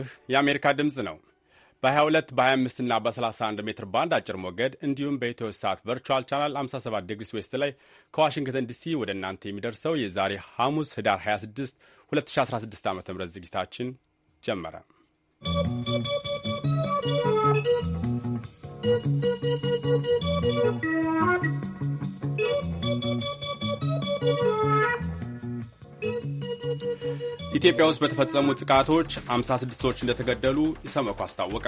ይህ የአሜሪካ ድምፅ ነው። በ22 በ25 እና በ31 ሜትር ባንድ አጭር ሞገድ እንዲሁም በኢትዮ ሳት ቨርቹዋል ቻናል 57 ዲግሪስ ዌስት ላይ ከዋሽንግተን ዲሲ ወደ እናንተ የሚደርሰው የዛሬ ሐሙስ ህዳር 26 2016 ዓ ም ዝግጅታችን ጀመረ። ¶¶ ኢትዮጵያ ውስጥ በተፈጸሙ ጥቃቶች 56 ሰዎች እንደተገደሉ ኢሰመኮ አስታወቀ።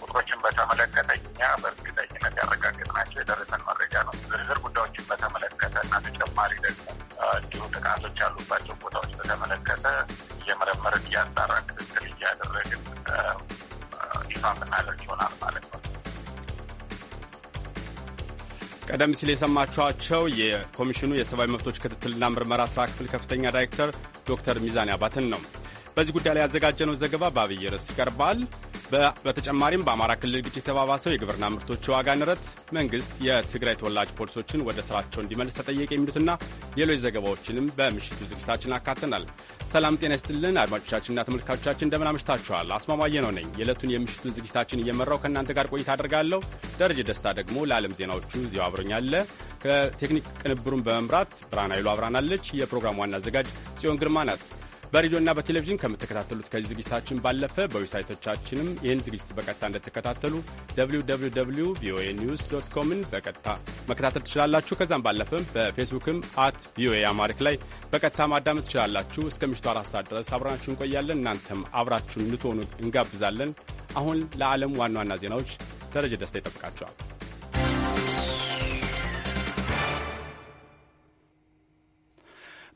ቁጥሮችን በተመለከተ እኛ በእርግጠኝነት ያረጋገጥናቸው የደረሰን መረጃ ነው። ዝርዝር ጉዳዮችን በተመለከተ እና ተጨማሪ ደግሞ እንዲሁ ጥቃቶች ያሉባቸው ቦታዎች በተመለከተ እየመረመርን እያጣራ ክትትል እያደረግን ይፋ ምናደርግ ይሆናል ማለት ነው። ቀደም ሲል የሰማችኋቸው የኮሚሽኑ የሰብአዊ መብቶች ክትትልና ምርመራ ስራ ክፍል ከፍተኛ ዳይሬክተር ዶክተር ሚዛኔ አባትን ነው። በዚህ ጉዳይ ላይ ያዘጋጀነው ዘገባ በአብይ ርዕስ ይቀርባል። በተጨማሪም በአማራ ክልል ግጭት የተባባሰው የግብርና ምርቶች ዋጋ ንረት፣ መንግስት የትግራይ ተወላጅ ፖሊሶችን ወደ ስራቸው እንዲመልስ ተጠየቀ የሚሉትና ሌሎች ዘገባዎችንም በምሽቱ ዝግጅታችን አካተናል። ሰላም ጤና ይስጥልን አድማጮቻችንና ተመልካቾቻችን እንደምን አምሽታችኋል። አስማማየ ነው ነኝ። የዕለቱን የምሽቱን ዝግጅታችን እየመራው ከእናንተ ጋር ቆይታ አድርጋለሁ። ደረጀ ደስታ ደግሞ ለዓለም ዜናዎቹ እዚሁ አብሮኛለ። ከቴክኒክ ቅንብሩን በመምራት ብርሃን ኃይሉ አብራናለች። የፕሮግራም ዋና አዘጋጅ ጽዮን ግርማ ናት። በሬዲዮና በቴሌቪዥን ከምትከታተሉት ከዚህ ዝግጅታችን ባለፈ በዌብሳይቶቻችንም ይህን ዝግጅት በቀጥታ እንደተከታተሉ www ቪኦኤ ኒውስ ዶት ኮምን በቀጥታ መከታተል ትችላላችሁ። ከዛም ባለፈም በፌስቡክም አት ቪኦኤ አማሪክ ላይ በቀጥታ ማዳመጥ ትችላላችሁ። እስከ ምሽቱ አራት ሰዓት ድረስ አብራናችሁ እንቆያለን። እናንተም አብራችሁን ልትሆኑ እንጋብዛለን። አሁን ለዓለም ዋና ዋና ዜናዎች ደረጀ ደስታ ይጠብቃቸዋል።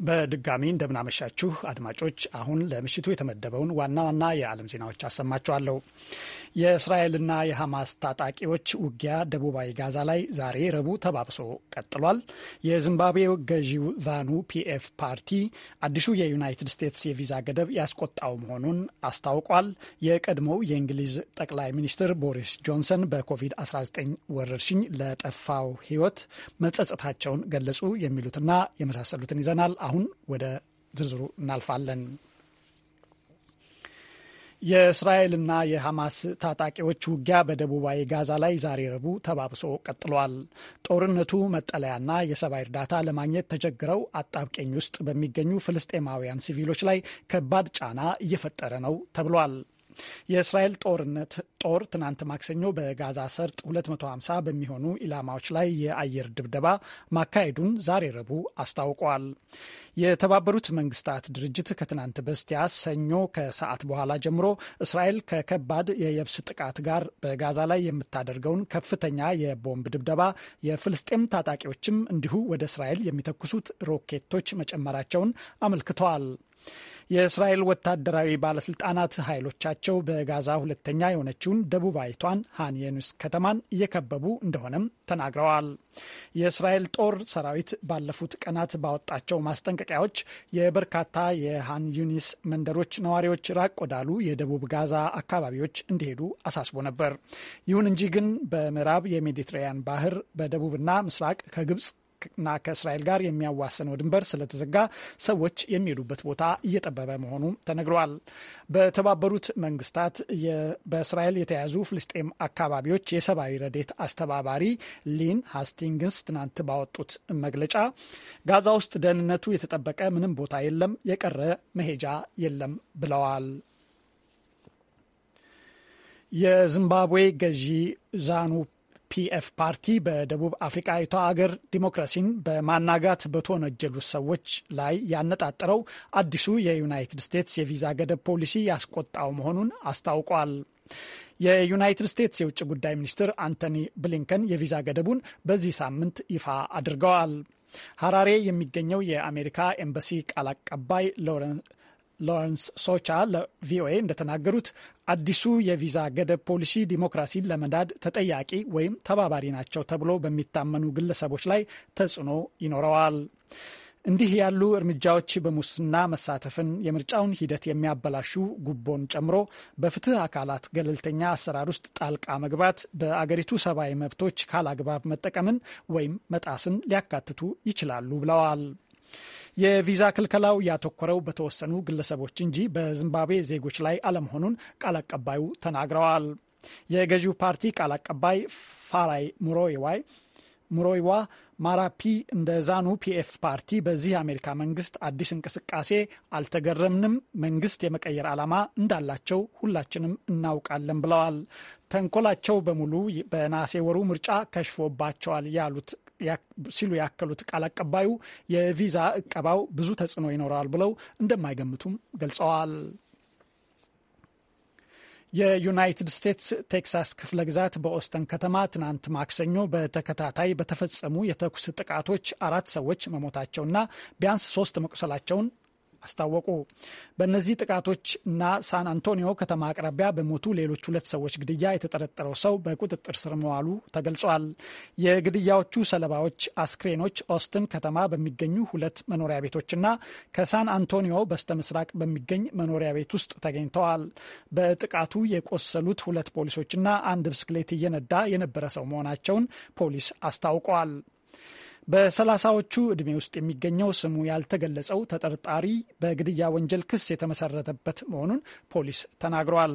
በድጋሚ እንደምናመሻችሁ አድማጮች፣ አሁን ለምሽቱ የተመደበውን ዋና ዋና የዓለም ዜናዎች አሰማችኋለሁ። የእስራኤልና የሐማስ ታጣቂዎች ውጊያ ደቡባዊ ጋዛ ላይ ዛሬ ረቡዕ ተባብሶ ቀጥሏል። የዚምባብዌው ገዢው ዛኑ ፒኤፍ ፓርቲ አዲሱ የዩናይትድ ስቴትስ የቪዛ ገደብ ያስቆጣው መሆኑን አስታውቋል። የቀድሞው የእንግሊዝ ጠቅላይ ሚኒስትር ቦሪስ ጆንሰን በኮቪድ-19 ወረርሽኝ ለጠፋው ሕይወት መጸጸታቸውን ገለጹ። የሚሉትና የመሳሰሉትን ይዘናል። አሁን ወደ ዝርዝሩ እናልፋለን። የእስራኤልና የሐማስ ታጣቂዎች ውጊያ በደቡባዊ ጋዛ ላይ ዛሬ ረቡዕ ተባብሶ ቀጥሏል። ጦርነቱ መጠለያና የሰብአዊ እርዳታ ለማግኘት ተቸግረው አጣብቀኝ ውስጥ በሚገኙ ፍልስጤማውያን ሲቪሎች ላይ ከባድ ጫና እየፈጠረ ነው ተብሏል። የእስራኤል ጦርነት ጦር ትናንት ማክሰኞ በጋዛ ሰርጥ 250 በሚሆኑ ኢላማዎች ላይ የአየር ድብደባ ማካሄዱን ዛሬ ረቡዕ አስታውቋል። የተባበሩት መንግስታት ድርጅት ከትናንት በስቲያ ሰኞ ከሰዓት በኋላ ጀምሮ እስራኤል ከከባድ የየብስ ጥቃት ጋር በጋዛ ላይ የምታደርገውን ከፍተኛ የቦምብ ድብደባ የፍልስጤም ታጣቂዎችም እንዲሁ ወደ እስራኤል የሚተኩሱት ሮኬቶች መጨመራቸውን አመልክተዋል። የእስራኤል ወታደራዊ ባለስልጣናት ኃይሎቻቸው በጋዛ ሁለተኛ የሆነችውን ደቡባዊቷን ሃን ዩኒስ ከተማን እየከበቡ እንደሆነም ተናግረዋል። የእስራኤል ጦር ሰራዊት ባለፉት ቀናት ባወጣቸው ማስጠንቀቂያዎች የበርካታ የሃን ዩኒስ መንደሮች ነዋሪዎች ራቅ ወዳሉ የደቡብ ጋዛ አካባቢዎች እንዲሄዱ አሳስቦ ነበር። ይሁን እንጂ ግን በምዕራብ የሜዲትራኒያን ባህር በደቡብና ምስራቅ ከግብጽ ና ከእስራኤል ጋር የሚያዋስነው ድንበር ስለተዘጋ ሰዎች የሚሄዱበት ቦታ እየጠበበ መሆኑ ተነግረዋል። በተባበሩት መንግስታት በእስራኤል የተያዙ ፍልስጤም አካባቢዎች የሰብአዊ ረዴት አስተባባሪ ሊን ሃስቲንግስ ትናንት ባወጡት መግለጫ ጋዛ ውስጥ ደህንነቱ የተጠበቀ ምንም ቦታ የለም፣ የቀረ መሄጃ የለም ብለዋል። የዚምባብዌ ገዢ ዛኑ የፒኤፍ ፓርቲ በደቡብ አፍሪቃዊቷ ሀገር ዲሞክራሲን በማናጋት በተወነጀሉት ሰዎች ላይ ያነጣጠረው አዲሱ የዩናይትድ ስቴትስ የቪዛ ገደብ ፖሊሲ ያስቆጣው መሆኑን አስታውቋል። የዩናይትድ ስቴትስ የውጭ ጉዳይ ሚኒስትር አንቶኒ ብሊንከን የቪዛ ገደቡን በዚህ ሳምንት ይፋ አድርገዋል። ሀራሬ የሚገኘው የአሜሪካ ኤምባሲ ቃል አቀባይ ሎረንስ ሎረንስ ሶቻ ለቪኦኤ እንደተናገሩት አዲሱ የቪዛ ገደብ ፖሊሲ ዲሞክራሲን ለመዳድ ተጠያቂ ወይም ተባባሪ ናቸው ተብሎ በሚታመኑ ግለሰቦች ላይ ተጽዕኖ ይኖረዋል። እንዲህ ያሉ እርምጃዎች በሙስና መሳተፍን፣ የምርጫውን ሂደት የሚያበላሹ ጉቦን ጨምሮ በፍትህ አካላት ገለልተኛ አሰራር ውስጥ ጣልቃ መግባት፣ በአገሪቱ ሰብአዊ መብቶች ካላግባብ መጠቀምን ወይም መጣስን ሊያካትቱ ይችላሉ ብለዋል። የቪዛ ክልከላው ያተኮረው በተወሰኑ ግለሰቦች እንጂ በዚምባብዌ ዜጎች ላይ አለመሆኑን ቃል አቀባዩ ተናግረዋል። የገዢው ፓርቲ ቃል አቀባይ ፋራይ ሙሮዋይ ሙሮይዋ ማራፒ እንደ ዛኑ ፒኤፍ ፓርቲ በዚህ የአሜሪካ መንግስት አዲስ እንቅስቃሴ አልተገረምንም። መንግስት የመቀየር ዓላማ እንዳላቸው ሁላችንም እናውቃለን ብለዋል። ተንኮላቸው በሙሉ በነሐሴ ወሩ ምርጫ ከሽፎባቸዋል ያሉት ሲሉ ያከሉት ቃል አቀባዩ የቪዛ እቀባው ብዙ ተጽዕኖ ይኖረዋል ብለው እንደማይገምቱም ገልጸዋል። የዩናይትድ ስቴትስ ቴክሳስ ክፍለ ግዛት በኦስተን ከተማ ትናንት ማክሰኞ በተከታታይ በተፈጸሙ የተኩስ ጥቃቶች አራት ሰዎች መሞታቸውና ቢያንስ ሶስት መቁሰላቸውን አስታወቁ። በእነዚህ ጥቃቶች እና ሳን አንቶኒዮ ከተማ አቅራቢያ በሞቱ ሌሎች ሁለት ሰዎች ግድያ የተጠረጠረው ሰው በቁጥጥር ስር መዋሉ ተገልጿል። የግድያዎቹ ሰለባዎች አስክሬኖች ኦስትን ከተማ በሚገኙ ሁለት መኖሪያ ቤቶችና ከሳን አንቶኒዮ በስተ ምስራቅ በሚገኝ መኖሪያ ቤት ውስጥ ተገኝተዋል። በጥቃቱ የቆሰሉት ሁለት ፖሊሶችና አንድ ብስክሌት እየነዳ የነበረ ሰው መሆናቸውን ፖሊስ አስታውቋል። በሰላሳዎቹ ዕድሜ ውስጥ የሚገኘው ስሙ ያልተገለጸው ተጠርጣሪ በግድያ ወንጀል ክስ የተመሰረተበት መሆኑን ፖሊስ ተናግረዋል።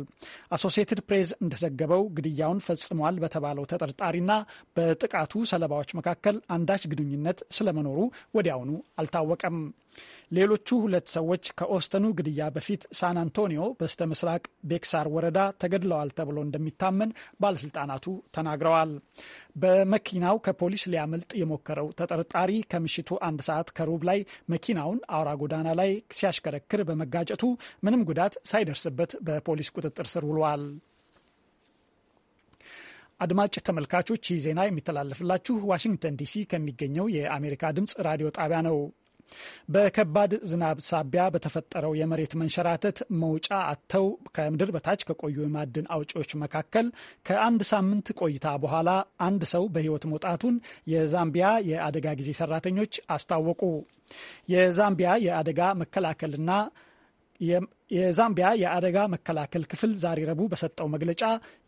አሶሲየትድ ፕሬስ እንደዘገበው ግድያውን ፈጽሟል በተባለው ተጠርጣሪና በጥቃቱ ሰለባዎች መካከል አንዳች ግንኙነት ስለመኖሩ ወዲያውኑ አልታወቀም። ሌሎቹ ሁለት ሰዎች ከኦስተኑ ግድያ በፊት ሳን አንቶኒዮ በስተ ምስራቅ ቤክሳር ወረዳ ተገድለዋል ተብሎ እንደሚታመን ባለስልጣናቱ ተናግረዋል። በመኪናው ከፖሊስ ሊያመልጥ የሞከረው ተጠርጣሪ ከምሽቱ አንድ ሰዓት ከሩብ ላይ መኪናውን አውራ ጎዳና ላይ ሲያሽከረክር በመጋጨቱ ምንም ጉዳት ሳይደርስበት በፖሊስ ቁጥጥር ስር ውሏል። አድማጭ ተመልካቾች ይህ ዜና የሚተላለፍላችሁ ዋሽንግተን ዲሲ ከሚገኘው የአሜሪካ ድምፅ ራዲዮ ጣቢያ ነው። በከባድ ዝናብ ሳቢያ በተፈጠረው የመሬት መንሸራተት መውጫ አጥተው ከምድር በታች ከቆዩ የማዕድን አውጪዎች መካከል ከአንድ ሳምንት ቆይታ በኋላ አንድ ሰው በሕይወት መውጣቱን የዛምቢያ የአደጋ ጊዜ ሰራተኞች አስታወቁ። የዛምቢያ የአደጋ መከላከልና የዛምቢያ የአደጋ መከላከል ክፍል ዛሬ ረቡዕ በሰጠው መግለጫ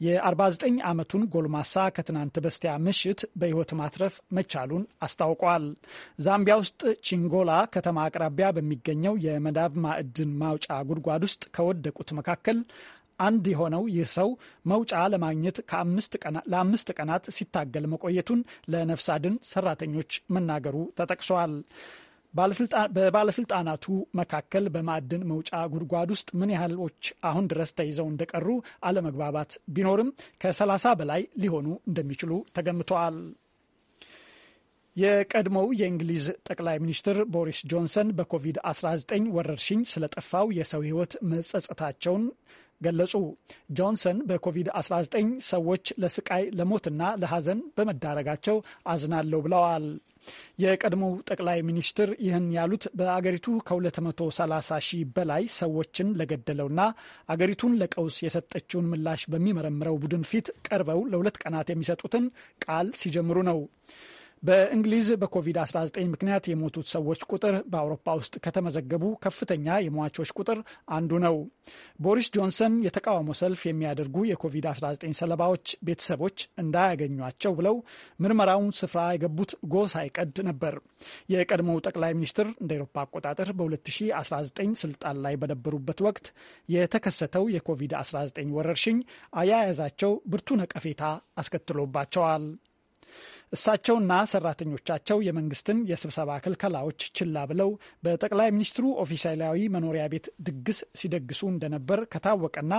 የ49 ዓመቱን ጎልማሳ ከትናንት በስቲያ ምሽት በሕይወት ማትረፍ መቻሉን አስታውቋል። ዛምቢያ ውስጥ ቺንጎላ ከተማ አቅራቢያ በሚገኘው የመዳብ ማዕድን ማውጫ ጉድጓድ ውስጥ ከወደቁት መካከል አንድ የሆነው ይህ ሰው መውጫ ለማግኘት ለአምስት ቀናት ሲታገል መቆየቱን ለነፍስ አድን ሰራተኞች መናገሩ ተጠቅሷል። በባለስልጣናቱ መካከል በማዕድን መውጫ ጉድጓድ ውስጥ ምን ያህሎች አሁን ድረስ ተይዘው እንደቀሩ አለመግባባት ቢኖርም ከ30 በላይ ሊሆኑ እንደሚችሉ ተገምተዋል። የቀድሞው የእንግሊዝ ጠቅላይ ሚኒስትር ቦሪስ ጆንሰን በኮቪድ-19 ወረርሽኝ ስለጠፋው የሰው ሕይወት መጸጸታቸውን ገለጹ። ጆንሰን በኮቪድ-19 ሰዎች ለስቃይ ለሞትና ለሐዘን በመዳረጋቸው አዝናለሁ ብለዋል። የቀድሞው ጠቅላይ ሚኒስትር ይህን ያሉት በአገሪቱ ከ230 ሺህ በላይ ሰዎችን ለገደለውና አገሪቱን ለቀውስ የሰጠችውን ምላሽ በሚመረምረው ቡድን ፊት ቀርበው ለሁለት ቀናት የሚሰጡትን ቃል ሲጀምሩ ነው። በእንግሊዝ በኮቪድ-19 ምክንያት የሞቱት ሰዎች ቁጥር በአውሮፓ ውስጥ ከተመዘገቡ ከፍተኛ የሟቾች ቁጥር አንዱ ነው። ቦሪስ ጆንሰን የተቃውሞ ሰልፍ የሚያደርጉ የኮቪድ-19 ሰለባዎች ቤተሰቦች እንዳያገኟቸው ብለው ምርመራውን ስፍራ የገቡት ጎ ሳይቀድ ነበር። የቀድሞው ጠቅላይ ሚኒስትር እንደ ኤሮፓ አቆጣጠር በ2019 ስልጣን ላይ በነበሩበት ወቅት የተከሰተው የኮቪድ-19 ወረርሽኝ አያያዛቸው ብርቱ ነቀፌታ አስከትሎባቸዋል። እሳቸውና ሰራተኞቻቸው የመንግስትን የስብሰባ ክልከላዎች ችላ ብለው በጠቅላይ ሚኒስትሩ ኦፊሴላዊ መኖሪያ ቤት ድግስ ሲደግሱ እንደነበር ከታወቀና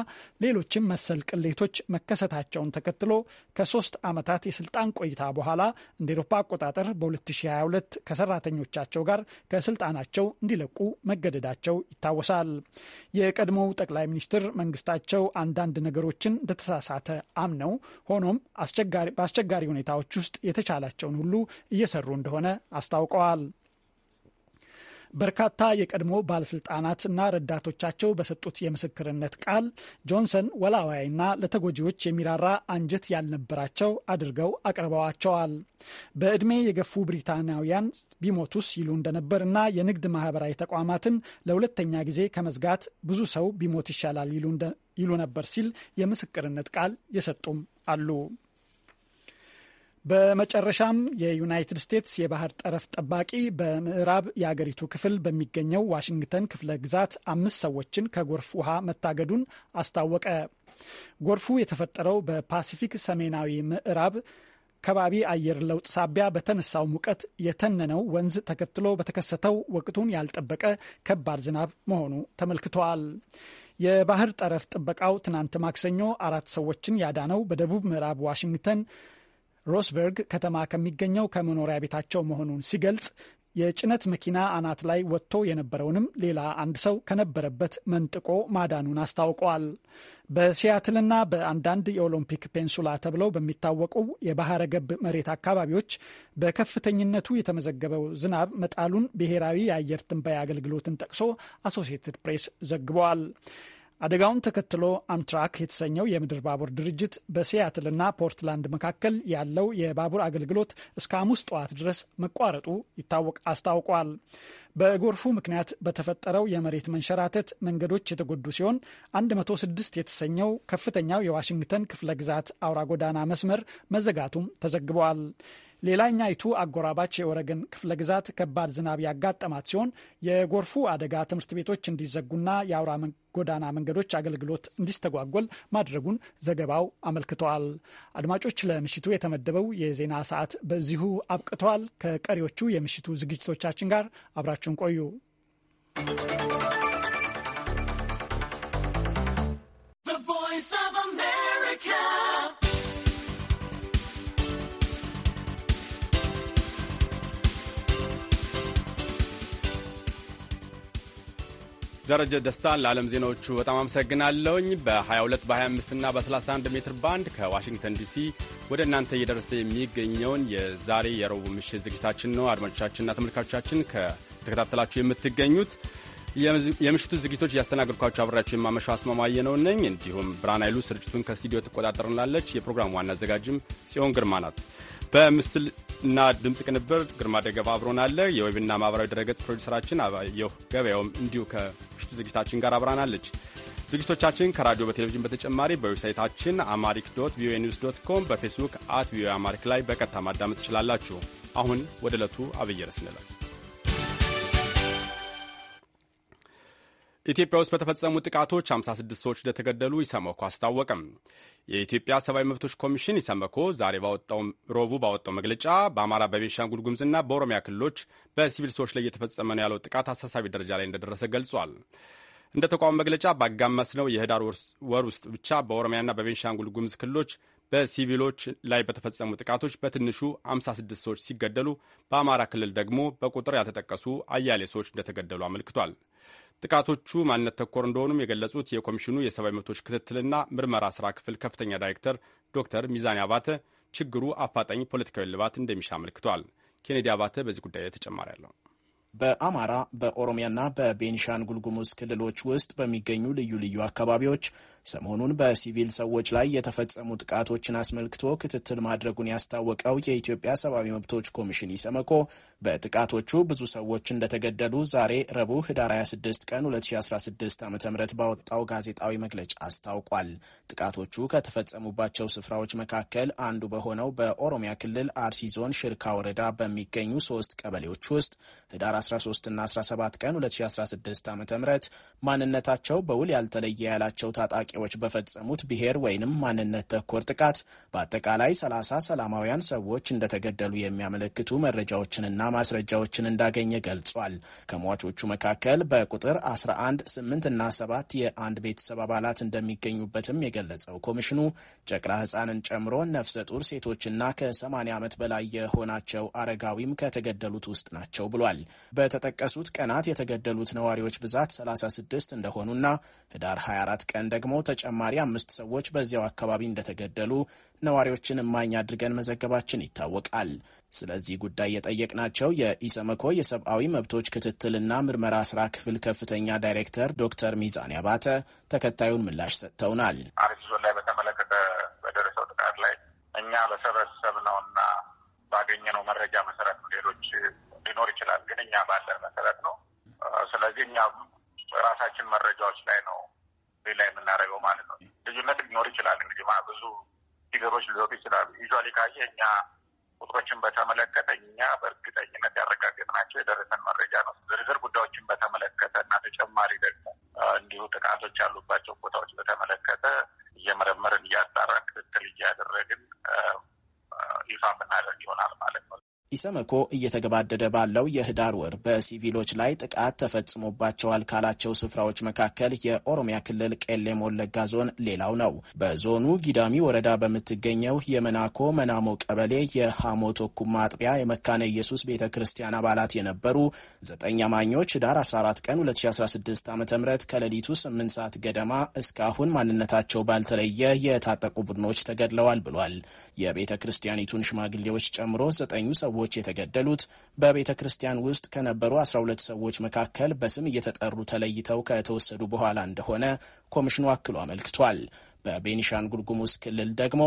ሌሎችም መሰል ቅሌቶች መከሰታቸውን ተከትሎ ከሶስት ዓመታት የስልጣን ቆይታ በኋላ እንደ ኤሮፓ አቆጣጠር በ2022 ከሰራተኞቻቸው ጋር ከስልጣናቸው እንዲለቁ መገደዳቸው ይታወሳል። የቀድሞው ጠቅላይ ሚኒስትር መንግስታቸው አንዳንድ ነገሮችን እንደተሳሳተ አምነው ሆኖም በአስቸጋሪ ሁኔታዎች ውስጥ የተቻላቸውን ሁሉ እየሰሩ እንደሆነ አስታውቀዋል። በርካታ የቀድሞ ባለስልጣናት እና ረዳቶቻቸው በሰጡት የምስክርነት ቃል ጆንሰን ወላዋይና ለተጎጂዎች የሚራራ አንጀት ያልነበራቸው አድርገው አቅርበዋቸዋል። በዕድሜ የገፉ ብሪታናውያን ቢሞቱስ ይሉ እንደነበር እና የንግድ ማህበራዊ ተቋማትን ለሁለተኛ ጊዜ ከመዝጋት ብዙ ሰው ቢሞት ይሻላል ይሉ ነበር ሲል የምስክርነት ቃል የሰጡም አሉ። በመጨረሻም የዩናይትድ ስቴትስ የባህር ጠረፍ ጠባቂ በምዕራብ የአገሪቱ ክፍል በሚገኘው ዋሽንግተን ክፍለ ግዛት አምስት ሰዎችን ከጎርፍ ውሃ መታገዱን አስታወቀ። ጎርፉ የተፈጠረው በፓሲፊክ ሰሜናዊ ምዕራብ ከባቢ አየር ለውጥ ሳቢያ በተነሳው ሙቀት የተነነው ወንዝ ተከትሎ በተከሰተው ወቅቱን ያልጠበቀ ከባድ ዝናብ መሆኑ ተመልክተዋል። የባህር ጠረፍ ጥበቃው ትናንት ማክሰኞ አራት ሰዎችን ያዳነው በደቡብ ምዕራብ ዋሽንግተን ሮስበርግ ከተማ ከሚገኘው ከመኖሪያ ቤታቸው መሆኑን ሲገልጽ የጭነት መኪና አናት ላይ ወጥቶ የነበረውንም ሌላ አንድ ሰው ከነበረበት መንጥቆ ማዳኑን አስታውቀዋል። በሲያትልና በአንዳንድ የኦሎምፒክ ፔንሱላ ተብለው በሚታወቁ የባህረ ገብ መሬት አካባቢዎች በከፍተኝነቱ የተመዘገበው ዝናብ መጣሉን ብሔራዊ የአየር ትንበያ አገልግሎትን ጠቅሶ አሶሲየትድ ፕሬስ ዘግቧል። አደጋውን ተከትሎ አምትራክ የተሰኘው የምድር ባቡር ድርጅት በሲያትልና ፖርትላንድ መካከል ያለው የባቡር አገልግሎት እስከ ሐሙስ ጠዋት ድረስ መቋረጡ ይታወቅ አስታውቋል። በጎርፉ ምክንያት በተፈጠረው የመሬት መንሸራተት መንገዶች የተጎዱ ሲሆን 106 የተሰኘው ከፍተኛው የዋሽንግተን ክፍለ ግዛት አውራ ጎዳና መስመር መዘጋቱም ተዘግበዋል። ሌላኛይቱ አጎራባች የኦረገን ክፍለ ግዛት ከባድ ዝናብ ያጋጠማት ሲሆን የጎርፉ አደጋ ትምህርት ቤቶች እንዲዘጉና የአውራ ጎዳና መንገዶች አገልግሎት እንዲስተጓጎል ማድረጉን ዘገባው አመልክተዋል። አድማጮች፣ ለምሽቱ የተመደበው የዜና ሰዓት በዚሁ አብቅተዋል። ከቀሪዎቹ የምሽቱ ዝግጅቶቻችን ጋር አብራችሁን ቆዩ። ደረጀ ደስታን ለዓለም ዜናዎቹ በጣም አመሰግናለውኝ በ በ22 በ25 እና በ31 ሜትር ባንድ ከዋሽንግተን ዲሲ ወደ እናንተ እየደረሰ የሚገኘውን የዛሬ የረቡዕ ምሽት ዝግጅታችን ነው። አድማጮቻችንና ተመልካቾቻችን ከተከታተላችሁ የምትገኙት የምሽቱ ዝግጅቶች እያስተናገድኳቸው አብራቸው የማመሻው አስማማየ ነው ነኝ። እንዲሁም ብርሃን ኃይሉ ስርጭቱን ከስቱዲዮ ትቆጣጠርላለች የፕሮግራሙ ዋና አዘጋጅም ጽዮን ግርማ ናት። በምስል እና ድምፅ ቅንብር ግርማ ደገባ አብሮናለ። የዌብና ማህበራዊ ድረገጽ ፕሮዲሰራችን አባየሁ ገበያውም እንዲሁ ከምሽቱ ዝግጅታችን ጋር አብራናለች። ዝግጅቶቻችን ከራዲዮ በቴሌቪዥን በተጨማሪ በዌብሳይታችን አማሪክ ዶት ቪኦኤ ኒውስ ዶት ኮም በፌስቡክ አት ቪኦኤ አማሪክ ላይ በቀጥታ ማዳመጥ ትችላላችሁ። አሁን ወደ ዕለቱ አብይ ርዕስ ኢትዮጵያ ውስጥ በተፈጸሙ ጥቃቶች 56 ሰዎች እንደተገደሉ ኢሰመኮ አስታወቅም። የኢትዮጵያ ሰብአዊ መብቶች ኮሚሽን ኢሰመኮ ዛሬ ባወጣው ሮቡ ባወጣው መግለጫ በአማራ በቤንሻንጉል ጉሙዝና በኦሮሚያ ክልሎች በሲቪል ሰዎች ላይ እየተፈጸመ ነው ያለው ጥቃት አሳሳቢ ደረጃ ላይ እንደደረሰ ገልጿል። እንደ ተቋሙ መግለጫ ነው የህዳር ወር ውስጥ ብቻ በኦሮሚያና በቤንሻንጉል ጉምዝ ክልሎች በሲቪሎች ላይ በተፈጸሙ ጥቃቶች በትንሹ 56 ሰዎች ሲገደሉ በአማራ ክልል ደግሞ በቁጥር ያልተጠቀሱ አያሌ ሰዎች እንደተገደሉ አመልክቷል። ጥቃቶቹ ማንነት ተኮር እንደሆኑም የገለጹት የኮሚሽኑ የሰብአዊ መብቶች ክትትልና ምርመራ ስራ ክፍል ከፍተኛ ዳይሬክተር ዶክተር ሚዛኔ አባተ ችግሩ አፋጣኝ ፖለቲካዊ ልባት እንደሚሻ አመልክቷል። ኬኔዲ አባተ በዚህ ጉዳይ ላይ ተጨማሪ አለው። በአማራ በኦሮሚያና በቤኒሻንጉል ጉሙዝ ክልሎች ውስጥ በሚገኙ ልዩ ልዩ አካባቢዎች ሰሞኑን በሲቪል ሰዎች ላይ የተፈጸሙ ጥቃቶችን አስመልክቶ ክትትል ማድረጉን ያስታወቀው የኢትዮጵያ ሰብአዊ መብቶች ኮሚሽን ኢሰመኮ በጥቃቶቹ ብዙ ሰዎች እንደተገደሉ ዛሬ ረቡዕ ህዳር 26 ቀን 2016 ዓ ም ባወጣው ጋዜጣዊ መግለጫ አስታውቋል። ጥቃቶቹ ከተፈጸሙባቸው ስፍራዎች መካከል አንዱ በሆነው በኦሮሚያ ክልል አርሲ ዞን ሽርካ ወረዳ በሚገኙ ሶስት ቀበሌዎች ውስጥ ህዳር 13ና 17 ቀን 2016 ዓ ም ማንነታቸው በውል ያልተለየ ያላቸው ታጣቂ ታጣቂዎች በፈጸሙት ብሔር ወይንም ማንነት ተኮር ጥቃት በአጠቃላይ ሰላሳ ሰላማውያን ሰዎች እንደተገደሉ የሚያመለክቱ መረጃዎችንና ማስረጃዎችን እንዳገኘ ገልጿል። ከሟቾቹ መካከል በቁጥር 11፣ 8 እና 7 የአንድ ቤተሰብ አባላት እንደሚገኙበትም የገለጸው ኮሚሽኑ ጨቅላ ህፃንን ጨምሮ ነፍሰ ጡር ሴቶችና ከ80 ዓመት በላይ የሆናቸው አረጋዊም ከተገደሉት ውስጥ ናቸው ብሏል። በተጠቀሱት ቀናት የተገደሉት ነዋሪዎች ብዛት 36 እንደሆኑና ህዳር 24 ቀን ደግሞ ተጨማሪ አምስት ሰዎች በዚያው አካባቢ እንደተገደሉ ነዋሪዎችን እማኝ አድርገን መዘገባችን ይታወቃል። ስለዚህ ጉዳይ የጠየቅናቸው የኢሰመኮ የሰብአዊ መብቶች ክትትልና ምርመራ ስራ ክፍል ከፍተኛ ዳይሬክተር ዶክተር ሚዛኔ አባተ ተከታዩን ምላሽ ሰጥተውናል። አርሲ ዞን ላይ በተመለከተ በደረሰው ጥቃት ላይ እኛ በሰበሰብነውና እና ባገኘነው መረጃ መሰረት ነው። ሌሎች ሊኖር ይችላል፣ ግን እኛ ባለን መሰረት ነው። ስለዚህ እኛ ራሳችን መረጃዎች ላይ ነው ሌላ የምናደርገው ማለት ነው። ልዩነት ሊኖር ይችላል። እንግዲህ ብዙ ፊገሮች ሊወጡ ይችላሉ። ዩዋሊ ካየ እኛ ቁጥሮችን በተመለከተ እኛ በእርግጠኝነት ያረጋገጥናቸው የደረሰን መረጃ ነው። ዝርዝር ጉዳዮችን በተመለከተ እና ተጨማሪ ደግሞ እንዲሁ ጥቃቶች ያሉባቸው ቦታዎች በተመለከተ እየመረመርን እያጣራን ክትትል እያደረግን ይፋ ምናደርግ ይሆናል ማለት ነው። ኢሰመኮ እየተገባደደ ባለው የህዳር ወር በሲቪሎች ላይ ጥቃት ተፈጽሞባቸዋል ካላቸው ስፍራዎች መካከል የኦሮሚያ ክልል ቄሌም ወለጋ ዞን ሌላው ነው። በዞኑ ጊዳሚ ወረዳ በምትገኘው የመናኮ መናሞ ቀበሌ የሐሞት አጥቢያ የመካነ ኢየሱስ ቤተ ክርስቲያን አባላት የነበሩ ዘጠኝ አማኞች ህዳር 14 ቀን 2016 ዓ ም ከሌሊቱ 8 ሰዓት ገደማ እስካሁን ማንነታቸው ባልተለየ የታጠቁ ቡድኖች ተገድለዋል ብሏል። የቤተ ክርስቲያኒቱን ሽማግሌዎች ጨምሮ ዘጠኙ ሰዎች ሰዎች የተገደሉት በቤተ ክርስቲያን ውስጥ ከነበሩ 12 ሰዎች መካከል በስም እየተጠሩ ተለይተው ከተወሰዱ በኋላ እንደሆነ ኮሚሽኑ አክሎ አመልክቷል። በቤኒሻንጉል ጉሙዝ ክልል ደግሞ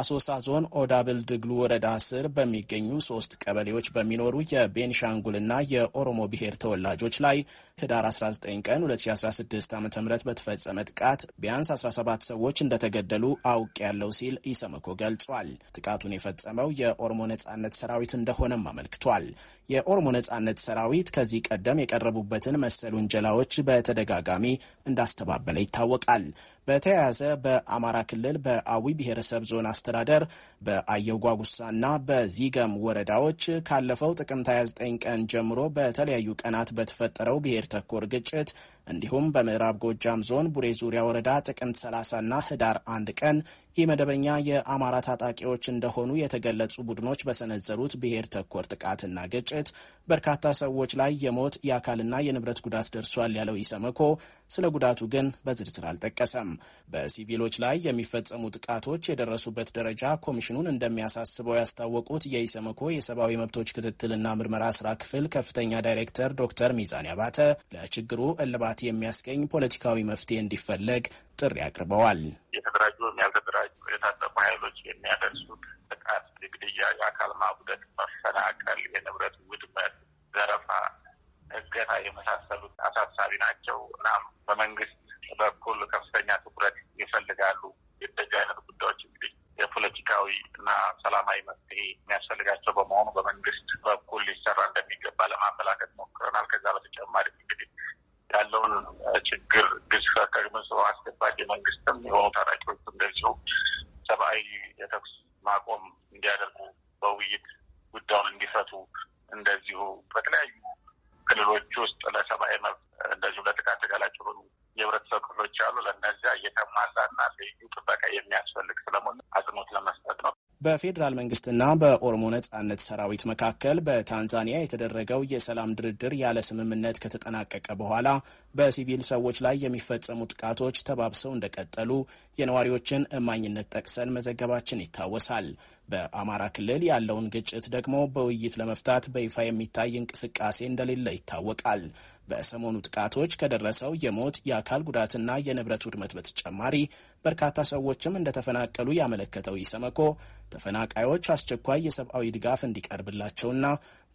አሶሳ ዞን ኦዳብል ድግሉ ወረዳ ስር በሚገኙ ሶስት ቀበሌዎች በሚኖሩ የቤኒሻንጉልና የኦሮሞ ብሔር ተወላጆች ላይ ህዳር 19 ቀን 2016 ዓ ም በተፈጸመ ጥቃት ቢያንስ 17 ሰዎች እንደተገደሉ አውቅ ያለው ሲል ኢሰመኮ ገልጿል። ጥቃቱን የፈጸመው የኦሮሞ ነጻነት ሰራዊት እንደሆነም አመልክቷል። የኦሮሞ ነጻነት ሰራዊት ከዚህ ቀደም የቀረቡበትን መሰል ውንጀላዎች በተደጋጋሚ እንዳስተባበለ ይታወቃል። በተያያዘ በአማራ ክልል በአዊ ብሔረሰብ ዞን አስተዳደር በአየው ጓጉሳና በዚገም ወረዳዎች ካለፈው ጥቅምት 29 ቀን ጀምሮ በተለያዩ ቀናት በተፈጠረው ብሔር ተኮር ግጭት እንዲሁም በምዕራብ ጎጃም ዞን ቡሬ ዙሪያ ወረዳ ጥቅምት 30ና ህዳር አንድ ቀን ኢመደበኛ የአማራ ታጣቂዎች እንደሆኑ የተገለጹ ቡድኖች በሰነዘሩት ብሔር ተኮር ጥቃትና ግጭት በርካታ ሰዎች ላይ የሞት የአካልና የንብረት ጉዳት ደርሷል ያለው ኢሰመኮ ስለ ጉዳቱ ግን በዝርዝር አልጠቀሰም። በሲቪሎች ላይ የሚፈጸሙ ጥቃቶች የደረሱበት ደረጃ ኮሚሽኑን እንደሚያሳስበው ያስታወቁት የኢሰመኮ የሰብአዊ መብቶች ክትትልና ምርመራ ስራ ክፍል ከፍተኛ ዳይሬክተር ዶክተር ሚዛኔ አባተ ለችግሩ እልባት የሚያስገኝ ፖለቲካዊ መፍትሄ እንዲፈለግ ጥሪ አቅርበዋል። የተደራጁ ያልተደራጁ የታጠቁ ኃይሎች የሚያደርሱት ጥቃት፣ ግድያ፣ የአካል ማጉደት፣ መፈናቀል፣ የንብረት ውድመት፣ ዘረፋ እገታ የመሳሰሉት አሳሳቢ ናቸው። እናም በመንግስት በኩል ከፍተኛ ትኩረት ይፈልጋሉ። የደጋ አይነት ጉዳዮች እንግዲህ የፖለቲካዊ እና ሰላማዊ መፍትሄ የሚያስፈልጋቸው በመሆኑ በመንግስት በኩል ሊሰራ እንደሚገባ ለማመላከት ሞክረናል። ከዛ በተጨማሪ እንግዲህ ያለውን ችግር ግዝፈት ከግምጽ አስገባጅ መንግስትም የሆኑ ታጣቂዎች እንደዚሁ ሰብአዊ የተኩስ ማቆም እንዲያደርጉ በውይይት ጉዳዩን እንዲፈቱ እንደዚሁ በተለያዩ ክልሎች ውስጥ ለሰብአዊ መብት እንደዚሁ ለጥቃት ተጋላጭ የሆኑ የህብረተሰብ ክፍሎች አሉ። ለእነዚያ የተሟላና ልዩ ጥበቃ የሚያስፈልግ ስለሆነ አጽንኦት ለመስጠት ነው። በፌዴራል መንግስትና በኦሮሞ ነጻነት ሰራዊት መካከል በታንዛኒያ የተደረገው የሰላም ድርድር ያለ ስምምነት ከተጠናቀቀ በኋላ በሲቪል ሰዎች ላይ የሚፈጸሙ ጥቃቶች ተባብሰው እንደቀጠሉ የነዋሪዎችን እማኝነት ጠቅሰን መዘገባችን ይታወሳል። በአማራ ክልል ያለውን ግጭት ደግሞ በውይይት ለመፍታት በይፋ የሚታይ እንቅስቃሴ እንደሌለ ይታወቃል። በሰሞኑ ጥቃቶች ከደረሰው የሞት የአካል ጉዳትና የንብረት ውድመት በተጨማሪ በርካታ ሰዎችም እንደተፈናቀሉ ያመለከተው ኢሰመኮ ተፈናቃዮች አስቸኳይ የሰብአዊ ድጋፍ እንዲቀርብላቸውና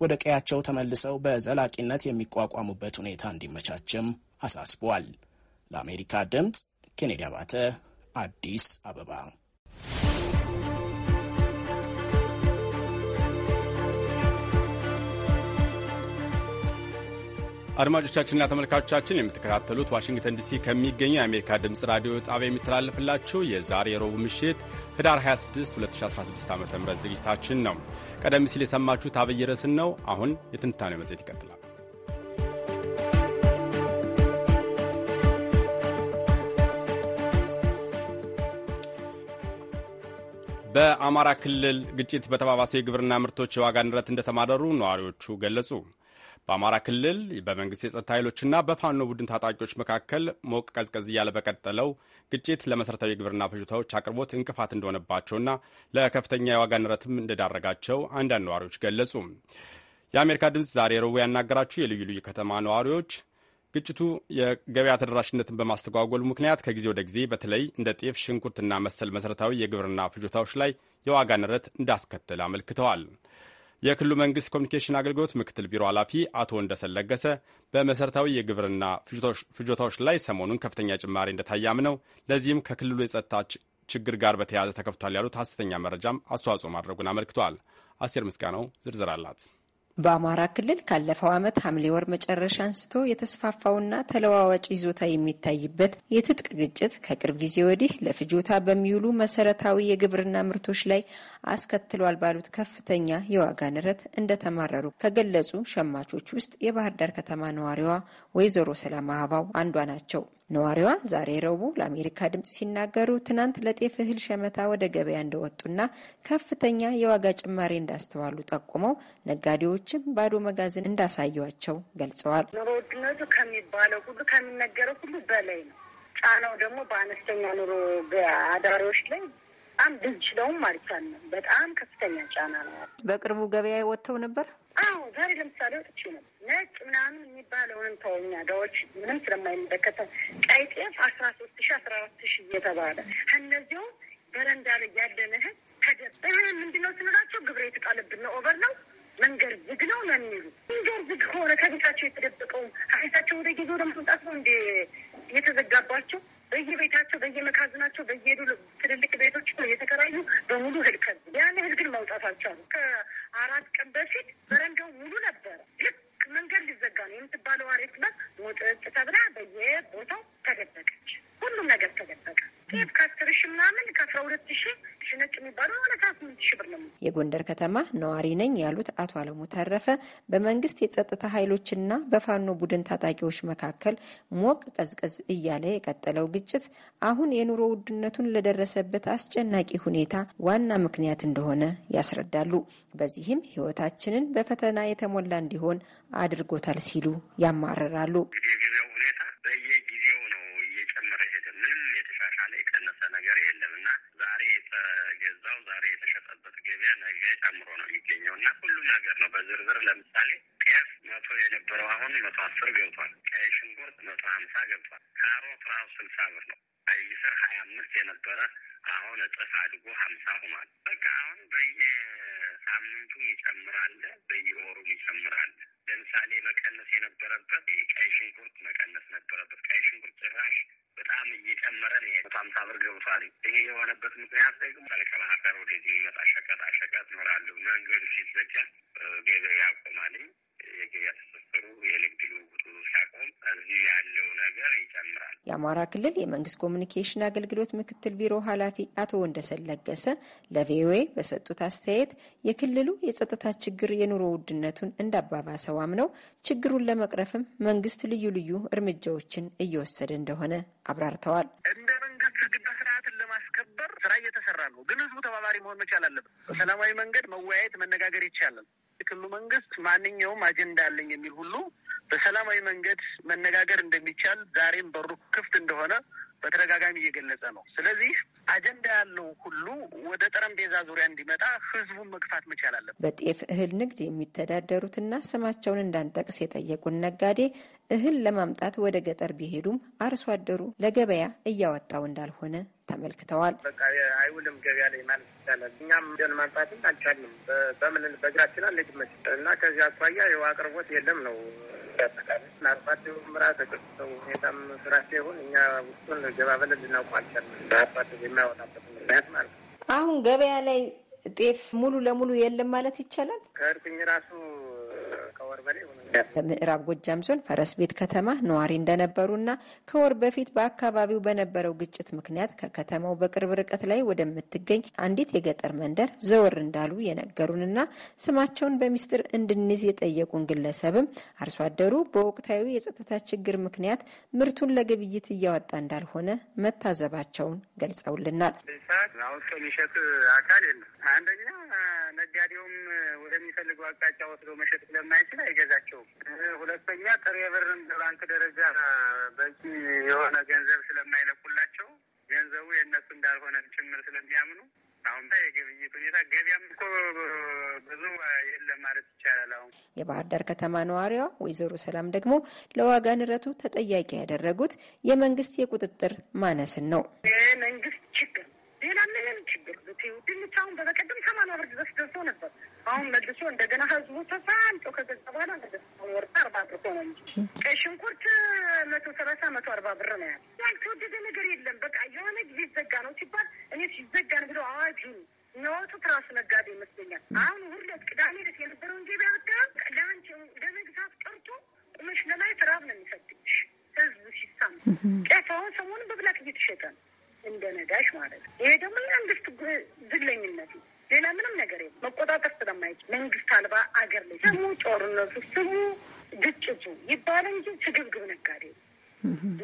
ወደ ቀያቸው ተመልሰው በዘላቂነት የሚቋቋሙበት ሁኔታ እንዲመቻችም አሳስቧል። ለአሜሪካ ድምፅ ኬኔዲ አባተ አዲስ አበባ። አድማጮቻችንና ተመልካቾቻችን የምትከታተሉት ዋሽንግተን ዲሲ ከሚገኘው የአሜሪካ ድምፅ ራዲዮ ጣቢያ የሚተላለፍላችሁ የዛሬ የሮቡ ምሽት ህዳር 26 2016 ዓ ም ዝግጅታችን ነው። ቀደም ሲል የሰማችሁት አብይ ርዕስን ነው። አሁን የትንታኔ መጽሔት ይቀጥላል። በአማራ ክልል ግጭት በተባባሰ የግብርና ምርቶች የዋጋ ንረት እንደተማረሩ ነዋሪዎቹ ገለጹ። በአማራ ክልል በመንግስት የጸጥታ ኃይሎችና በፋኖ ቡድን ታጣቂዎች መካከል ሞቅ ቀዝቀዝ እያለ በቀጠለው ግጭት ለመሠረታዊ የግብርና ፍጆታዎች አቅርቦት እንቅፋት እንደሆነባቸውና ለከፍተኛ የዋጋ ንረትም እንደዳረጋቸው አንዳንድ ነዋሪዎች ገለጹ። የአሜሪካ ድምፅ ዛሬ ረቡዕ ያናገራቸው የልዩ ልዩ ከተማ ነዋሪዎች ግጭቱ የገበያ ተደራሽነትን በማስተጓጎሉ ምክንያት ከጊዜ ወደ ጊዜ በተለይ እንደ ጤፍ፣ ሽንኩርትና መሰል መሠረታዊ የግብርና ፍጆታዎች ላይ የዋጋ ንረት እንዳስከተለ አመልክተዋል። የክልሉ መንግስት ኮሚኒኬሽን አገልግሎት ምክትል ቢሮ ኃላፊ አቶ ወንደሰን ለገሰ በመሠረታዊ የግብርና ፍጆታዎች ላይ ሰሞኑን ከፍተኛ ጭማሪ እንደታያም ነው። ለዚህም ከክልሉ የጸጥታ ችግር ጋር በተያያዘ ተከፍቷል ያሉት ሐሰተኛ መረጃም አስተዋጽኦ ማድረጉን አመልክተዋል። አስቴር ምስጋናው ዝርዝር አላት። በአማራ ክልል ካለፈው ዓመት ሐምሌ ወር መጨረሻ አንስቶ የተስፋፋውና ተለዋዋጭ ይዞታ የሚታይበት የትጥቅ ግጭት ከቅርብ ጊዜ ወዲህ ለፍጆታ በሚውሉ መሰረታዊ የግብርና ምርቶች ላይ አስከትሏል ባሉት ከፍተኛ የዋጋ ንረት እንደተማረሩ ከገለጹ ሸማቾች ውስጥ የባህር ዳር ከተማ ነዋሪዋ ወይዘሮ ሰላም አበባው አንዷ ናቸው። ነዋሪዋ ዛሬ ረቡዕ ለአሜሪካ ድምጽ ሲናገሩ ትናንት ለጤፍ እህል ሸመታ ወደ ገበያ እንደወጡና ከፍተኛ የዋጋ ጭማሪ እንዳስተዋሉ ጠቁመው ነጋዴዎችም ባዶ መጋዘን እንዳሳዩቸው ገልጸዋል። ኑሮ ውድነቱ ከሚባለው ሁሉ ከሚነገረው ሁሉ በላይ ነው። ጫናው ደግሞ በአነስተኛ ኑሮ አዳሪዎች ላይ በጣም ብንችለውም አይቻልም። በጣም ከፍተኛ ጫና ነው። በቅርቡ ገበያ ወጥተው ነበር አዎ ዛሬ ለምሳሌ ወጥቼ ነው ነጭ ምናምን የሚባለውን ተወኛ ዳዎች ምንም ስለማይመለከተው ቀይ ጤፍ አስራ ሶስት ሺ አስራ አራት ሺ እየተባለ እነዚሁ በረንዳ ላይ ያለን እህል ተገበ ምንድነው ስንላቸው ግብረ የተጣለብን ኦቨር ነው መንገድ ዝግ ነው ነው የሚሉ መንገድ ዝግ ከሆነ ከቤታቸው የተደበቀው ሀይታቸው ወደ ጊዜ ወደ ማምጣት ነው እንደ የተዘጋባቸው በየቤታቸው በየመካዝናቸው በየሄዱ ትልልቅ ቤቶች እየተከራዩ በሙሉ ህልከል ያለ ህልግል መውጣታቸው አሉ። ከአራት ቀን በፊት በረንዳው ሙሉ ነበረ። ልክ መንገድ ሊዘጋ ነው የምትባለው አሬት ላ ሞጥጥ ተብላ በየቦታው ተደበቀች። ሁሉም ነገር ተደበቀ። ጤፍ ከአስር ሺ ምናምን ከአስራ ሁለት ሺ ሽነጭ የሚባለው ማለት ስምንት ሺ ብር ነው። የጎንደር ከተማ ነዋሪ ነኝ ያሉት አቶ አለሙ ተረፈ በመንግስት የጸጥታ ኃይሎችና በፋኖ ቡድን ታጣቂዎች መካከል ሞቅ ቀዝቀዝ እያለ የቀጠለው ግጭት አሁን የኑሮ ውድነቱን ለደረሰበት አስጨናቂ ሁኔታ ዋና ምክንያት እንደሆነ ያስረዳሉ። በዚህም ህይወታችንን በፈተና የተሞላ እንዲሆን አድርጎታል ሲሉ ያማርራሉ። ሁኔታ ገበያ ነገ ጨምሮ ነው የሚገኘው እና ሁሉም ነገር ነው በዝርዝር ለምሳሌ ጤፍ መቶ የነበረው አሁን መቶ አስር ገብቷል። ቀይ ሽንኩርት መቶ ሀምሳ ገብቷል። ካሮት ራሱ ስልሳ ብር ነው። አይስር ሀያ አምስት የነበረ አሁን እጥፍ አድጎ ሀምሳ ሆኗል። በቃ አሁን በየሳምንቱም ይጨምራል፣ በየወሩም ይጨምራል። ለምሳሌ መቀነስ የነበረበት ቀይ ሽንኩርት መቀነስ ነበረበት። ቀይ ሽንኩርት ጭራሽ በጣም እየጨመረ ነው። መቶ ሀምሳ ብር ተጨማሪ ይሄ የሆነበት ምክንያት ደግሞ ከባህር ዳር ወደዚህ የሚመጣ ሸቀጣ ሸቀጥ ይኖራሉ። መንገዱ ሲዘጋ ገበያ ያቆማልኝ የገበያ ትስስሩ የንግድ ልውውጡ ሲያቆም እዚህ ያለው ነገር ይጨምራል። የአማራ ክልል የመንግስት ኮሚኒኬሽን አገልግሎት ምክትል ቢሮ ኃላፊ አቶ ወንደሰን ለገሰ ለቪኦኤ በሰጡት አስተያየት የክልሉ የጸጥታ ችግር የኑሮ ውድነቱን እንዳባባሰው አምነው ችግሩን ለመቅረፍም መንግስት ልዩ ልዩ እርምጃዎችን እየወሰደ እንደሆነ አብራርተዋል። ተባባሪ መሆን መቻል አለበት። በሰላማዊ መንገድ መወያየት፣ መነጋገር ይቻላል። ክሉ መንግስት ማንኛውም አጀንዳ አለኝ የሚል ሁሉ በሰላማዊ መንገድ መነጋገር እንደሚቻል ዛሬም በሩ ክፍት እንደሆነ በተደጋጋሚ እየገለጸ ነው። ስለዚህ አጀንዳ ያለው ሁሉ ወደ ጠረጴዛ ዙሪያ እንዲመጣ ህዝቡን መግፋት መቻል አለበት። በጤፍ እህል ንግድ የሚተዳደሩትና ስማቸውን እንዳንጠቅስ የጠየቁን ነጋዴ እህል ለማምጣት ወደ ገጠር ቢሄዱም አርሶ አደሩ ለገበያ እያወጣው እንዳልሆነ ተመልክተዋል። በቃ አይውልም ገበያ ላይ ማለት ይቻላል። እኛም ደን ማምጣትም አልቻልም። በምን በእግራችን አለ እና ከዚህ አኳያ የው አቅርቦት የለም ነው ያጠቃለ ምራ ሁኔታም እኛ ውስጡን የሚያወጣበት ምክንያት ማለት ነው። አሁን ገበያ ላይ ጤፍ ሙሉ ለሙሉ የለም ማለት ይቻላል። ከእርኩኝ ራሱ ከወር በላይ ሆነ በምዕራብ ጎጃም ዞን ፈረስ ቤት ከተማ ነዋሪ እንደነበሩና ከወር በፊት በአካባቢው በነበረው ግጭት ምክንያት ከከተማው በቅርብ ርቀት ላይ ወደምትገኝ አንዲት የገጠር መንደር ዘወር እንዳሉ የነገሩንና ስማቸውን በሚስጥር እንድንይዝ የጠየቁን ግለሰብም አርሶ አደሩ በወቅታዊ የጸጥታ ችግር ምክንያት ምርቱን ለግብይት እያወጣ እንዳልሆነ መታዘባቸውን ገልጸውልናል። አካል የለም። አንደኛ ነጋዴውም ወደሚፈልገው አቅጣጫ ወስዶ መሸጥ ስለማይችል አይገዛቸው ሁለተኛ ጥሬ ብርም በባንክ ደረጃ በቂ የሆነ ገንዘብ ስለማይለቁላቸው ገንዘቡ የእነሱ እንዳልሆነ ጭምር ስለሚያምኑ አሁን የግብይት ሁኔታ ገቢያም እኮ ብዙ የለም ማለት ይቻላል። አሁን የባህር ዳር ከተማ ነዋሪዋ ወይዘሮ ሰላም ደግሞ ለዋጋ ንረቱ ተጠያቂ ያደረጉት የመንግስት የቁጥጥር ማነስን ነው። የመንግስት ችግር ሌላ ምንም ችግር ድንች አሁን በበቀደም ሰማንያ ብር ድረስ ደርሶ ነበር። አሁን መልሶ እንደገና ህዝቡ ተሳልጦ ከገዛ በኋላ ወርጣ አርባ ብር ሆነ እንጂ ቀይ ሽንኩርት መቶ ሰላሳ መቶ አርባ ብር ነው ያለ። ያልተወደደ ነገር የለም። በቃ የሆነ ጊዜ ይዘጋ ነው ሲባል እኔ ሲዘጋ ነው ብለው አዋጁ የሚያወጡት ትራስ ነጋዴ ይመስለኛል። አሁን ሁለት ቅዳሜ ዕለት የነበረውን ገበያ ወዳ ለአንቺ ለመግዛት ጠርቶ ቁመሽ ለማየት ራብ ነው የሚፈትሽ ህዝቡ ሲሳም ጤፍ አሁን ሰሞኑን በብላክ እየተሸጠ ነው እንደ ነዳሽ ማለት ነው። ይሄ ደግሞ የመንግስት ዝለኝነት ነው። ሌላ ምንም ነገር የለም። መቆጣጠር ስለማይችል መንግስት አልባ አገር ላይ ስሙ ጦርነቱ፣ ስሙ ግጭቱ ይባል እንጂ ስግብግብ ነጋዴ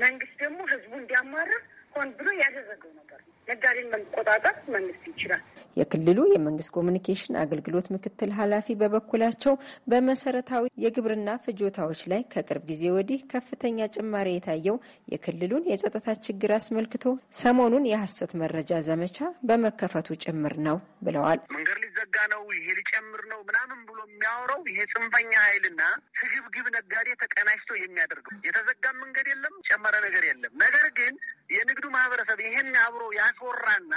መንግስት ደግሞ ህዝቡ እንዲያማርር ሆን ብሎ ያደረገው ነገር ነው። ነጋዴን መቆጣጠር መንግስት ይችላል። የክልሉ የመንግስት ኮሚኒኬሽን አገልግሎት ምክትል ኃላፊ በበኩላቸው በመሰረታዊ የግብርና ፍጆታዎች ላይ ከቅርብ ጊዜ ወዲህ ከፍተኛ ጭማሪ የታየው የክልሉን የጸጥታ ችግር አስመልክቶ ሰሞኑን የሐሰት መረጃ ዘመቻ በመከፈቱ ጭምር ነው ብለዋል። መንገድ ሊዘጋ ነው፣ ይሄ ሊጨምር ነው ምናምን ብሎ የሚያወራው ይሄ ጽንፈኛ ኃይልና ስግብግብ ነጋዴ ተቀናጅቶ የሚያደርገው የተዘጋ መንገድ የለም፣ ጨመረ ነገር የለም። ነገር ግን የንግዱ ማህበረሰብ ይሄን አብሮ ያስወራና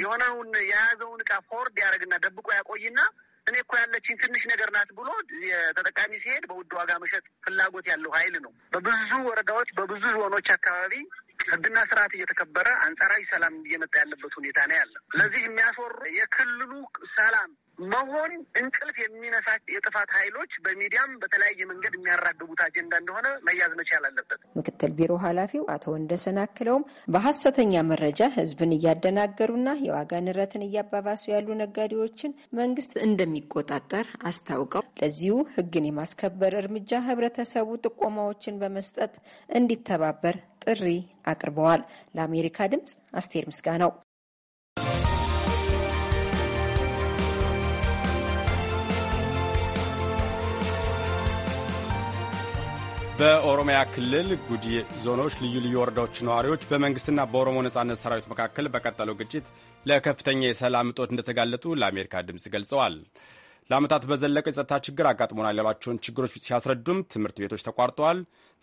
የሆነውን የያዘውን እቃ ፎርድ ያደረግና ደብቆ ያቆይና እኔ እኮ ያለችኝ ትንሽ ነገር ናት ብሎ ተጠቃሚ ሲሄድ በውድ ዋጋ መሸጥ ፍላጎት ያለው ኃይል ነው። በብዙ ወረዳዎች በብዙ ዞኖች አካባቢ ህግና ስርዓት እየተከበረ አንጻራዊ ሰላም እየመጣ ያለበት ሁኔታ ነው ያለ። ለዚህ የሚያስወሩ የክልሉ ሰላም መሆን እንቅልፍ የሚነሳ የጥፋት ኃይሎች በሚዲያም በተለያየ መንገድ የሚያራግቡት አጀንዳ እንደሆነ መያዝ መቻል አለበት። ምክትል ቢሮ ኃላፊው አቶ ወንደሰን አክለውም በሀሰተኛ መረጃ ህዝብን እያደናገሩና የዋጋ ንረትን እያባባሱ ያሉ ነጋዴዎችን መንግስት እንደሚቆጣጠር አስታውቀው ለዚሁ ህግን የማስከበር እርምጃ ህብረተሰቡ ጥቆማዎችን በመስጠት እንዲተባበር ጥሪ አቅርበዋል። ለአሜሪካ ድምጽ አስቴር ምስጋ ነው። በኦሮሚያ ክልል ጉጂ ዞኖች ልዩ ልዩ ወረዳዎች ነዋሪዎች በመንግስትና በኦሮሞ ነጻነት ሰራዊት መካከል በቀጠለው ግጭት ለከፍተኛ የሰላም እጦት እንደተጋለጡ ለአሜሪካ ድምፅ ገልጸዋል። ለዓመታት በዘለቀው የጸጥታ ችግር አጋጥሞናል ያሏቸውን ችግሮች ሲያስረዱም ትምህርት ቤቶች ተቋርጠዋል፣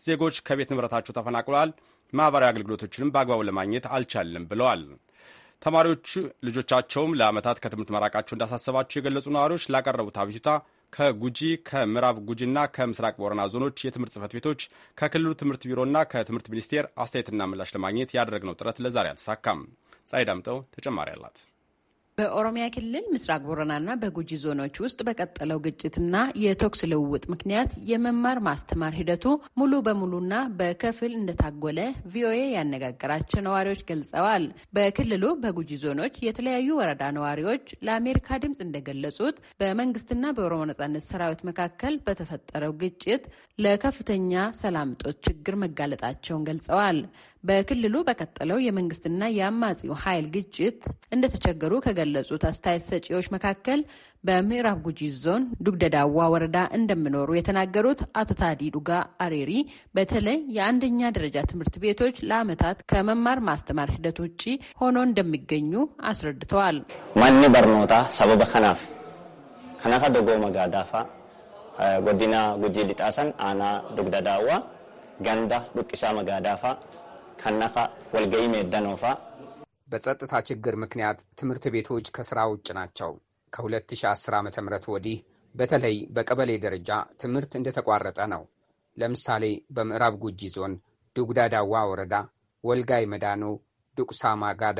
ዜጎች ከቤት ንብረታቸው ተፈናቅለዋል ማኅበራዊ አገልግሎቶችንም በአግባቡ ለማግኘት አልቻልም ብለዋል። ተማሪዎቹ ልጆቻቸውም ለዓመታት ከትምህርት መራቃቸው እንዳሳሰባቸው የገለጹ ነዋሪዎች ላቀረቡት አቤቱታ ከጉጂ ከምዕራብ ጉጂና ከምስራቅ ቦረና ዞኖች የትምህርት ጽህፈት ቤቶች ከክልሉ ትምህርት ቢሮና ከትምህርት ሚኒስቴር አስተያየትና ምላሽ ለማግኘት ያደረግነው ጥረት ለዛሬ አልተሳካም። ጸሐይ ዳምጠው ተጨማሪ አላት። በኦሮሚያ ክልል ምስራቅ ቦረናና በጉጂ ዞኖች ውስጥ በቀጠለው ግጭትና የተኩስ ልውውጥ ምክንያት የመማር ማስተማር ሂደቱ ሙሉ በሙሉና በከፊል እንደታጎለ ቪኦኤ ያነጋገራቸው ነዋሪዎች ገልጸዋል። በክልሉ በጉጂ ዞኖች የተለያዩ ወረዳ ነዋሪዎች ለአሜሪካ ድምፅ እንደገለጹት በመንግስትና በኦሮሞ ነጻነት ሰራዊት መካከል በተፈጠረው ግጭት ለከፍተኛ ሰላም እጦት ችግር መጋለጣቸውን ገልጸዋል። በክልሉ በቀጠለው የመንግስትና የአማጺው ኃይል ግጭት እንደተቸገሩ ከገለጹት አስተያየት ሰጪዎች መካከል በምዕራብ ጉጂ ዞን ዱግደዳዋ ወረዳ እንደሚኖሩ የተናገሩት አቶ ታዲ ዱጋ አሬሪ በተለይ የአንደኛ ደረጃ ትምህርት ቤቶች ለዓመታት ከመማር ማስተማር ሂደት ውጭ ሆኖ እንደሚገኙ አስረድተዋል። ማኒ በርኖታ ሰበበ ከናፍ ከናፋ ደጎ መጋዳፋ ጎዲና ጉጂ ሊጣሰን አና ዱግደዳዋ ገንዳ ዱቅሳ መጋዳፋ ከነፋ ወልገይ ሜደኖፋ በጸጥታ ችግር ምክንያት ትምህርት ቤቶች ከስራ ውጭ ናቸው። ከ2010 ዓ ም ወዲህ በተለይ በቀበሌ ደረጃ ትምህርት እንደተቋረጠ ነው። ለምሳሌ በምዕራብ ጉጂ ዞን ዱጉዳዳዋ ወረዳ፣ ወልጋይ መዳኖ፣ ዱቁሳ ማጋዳ፣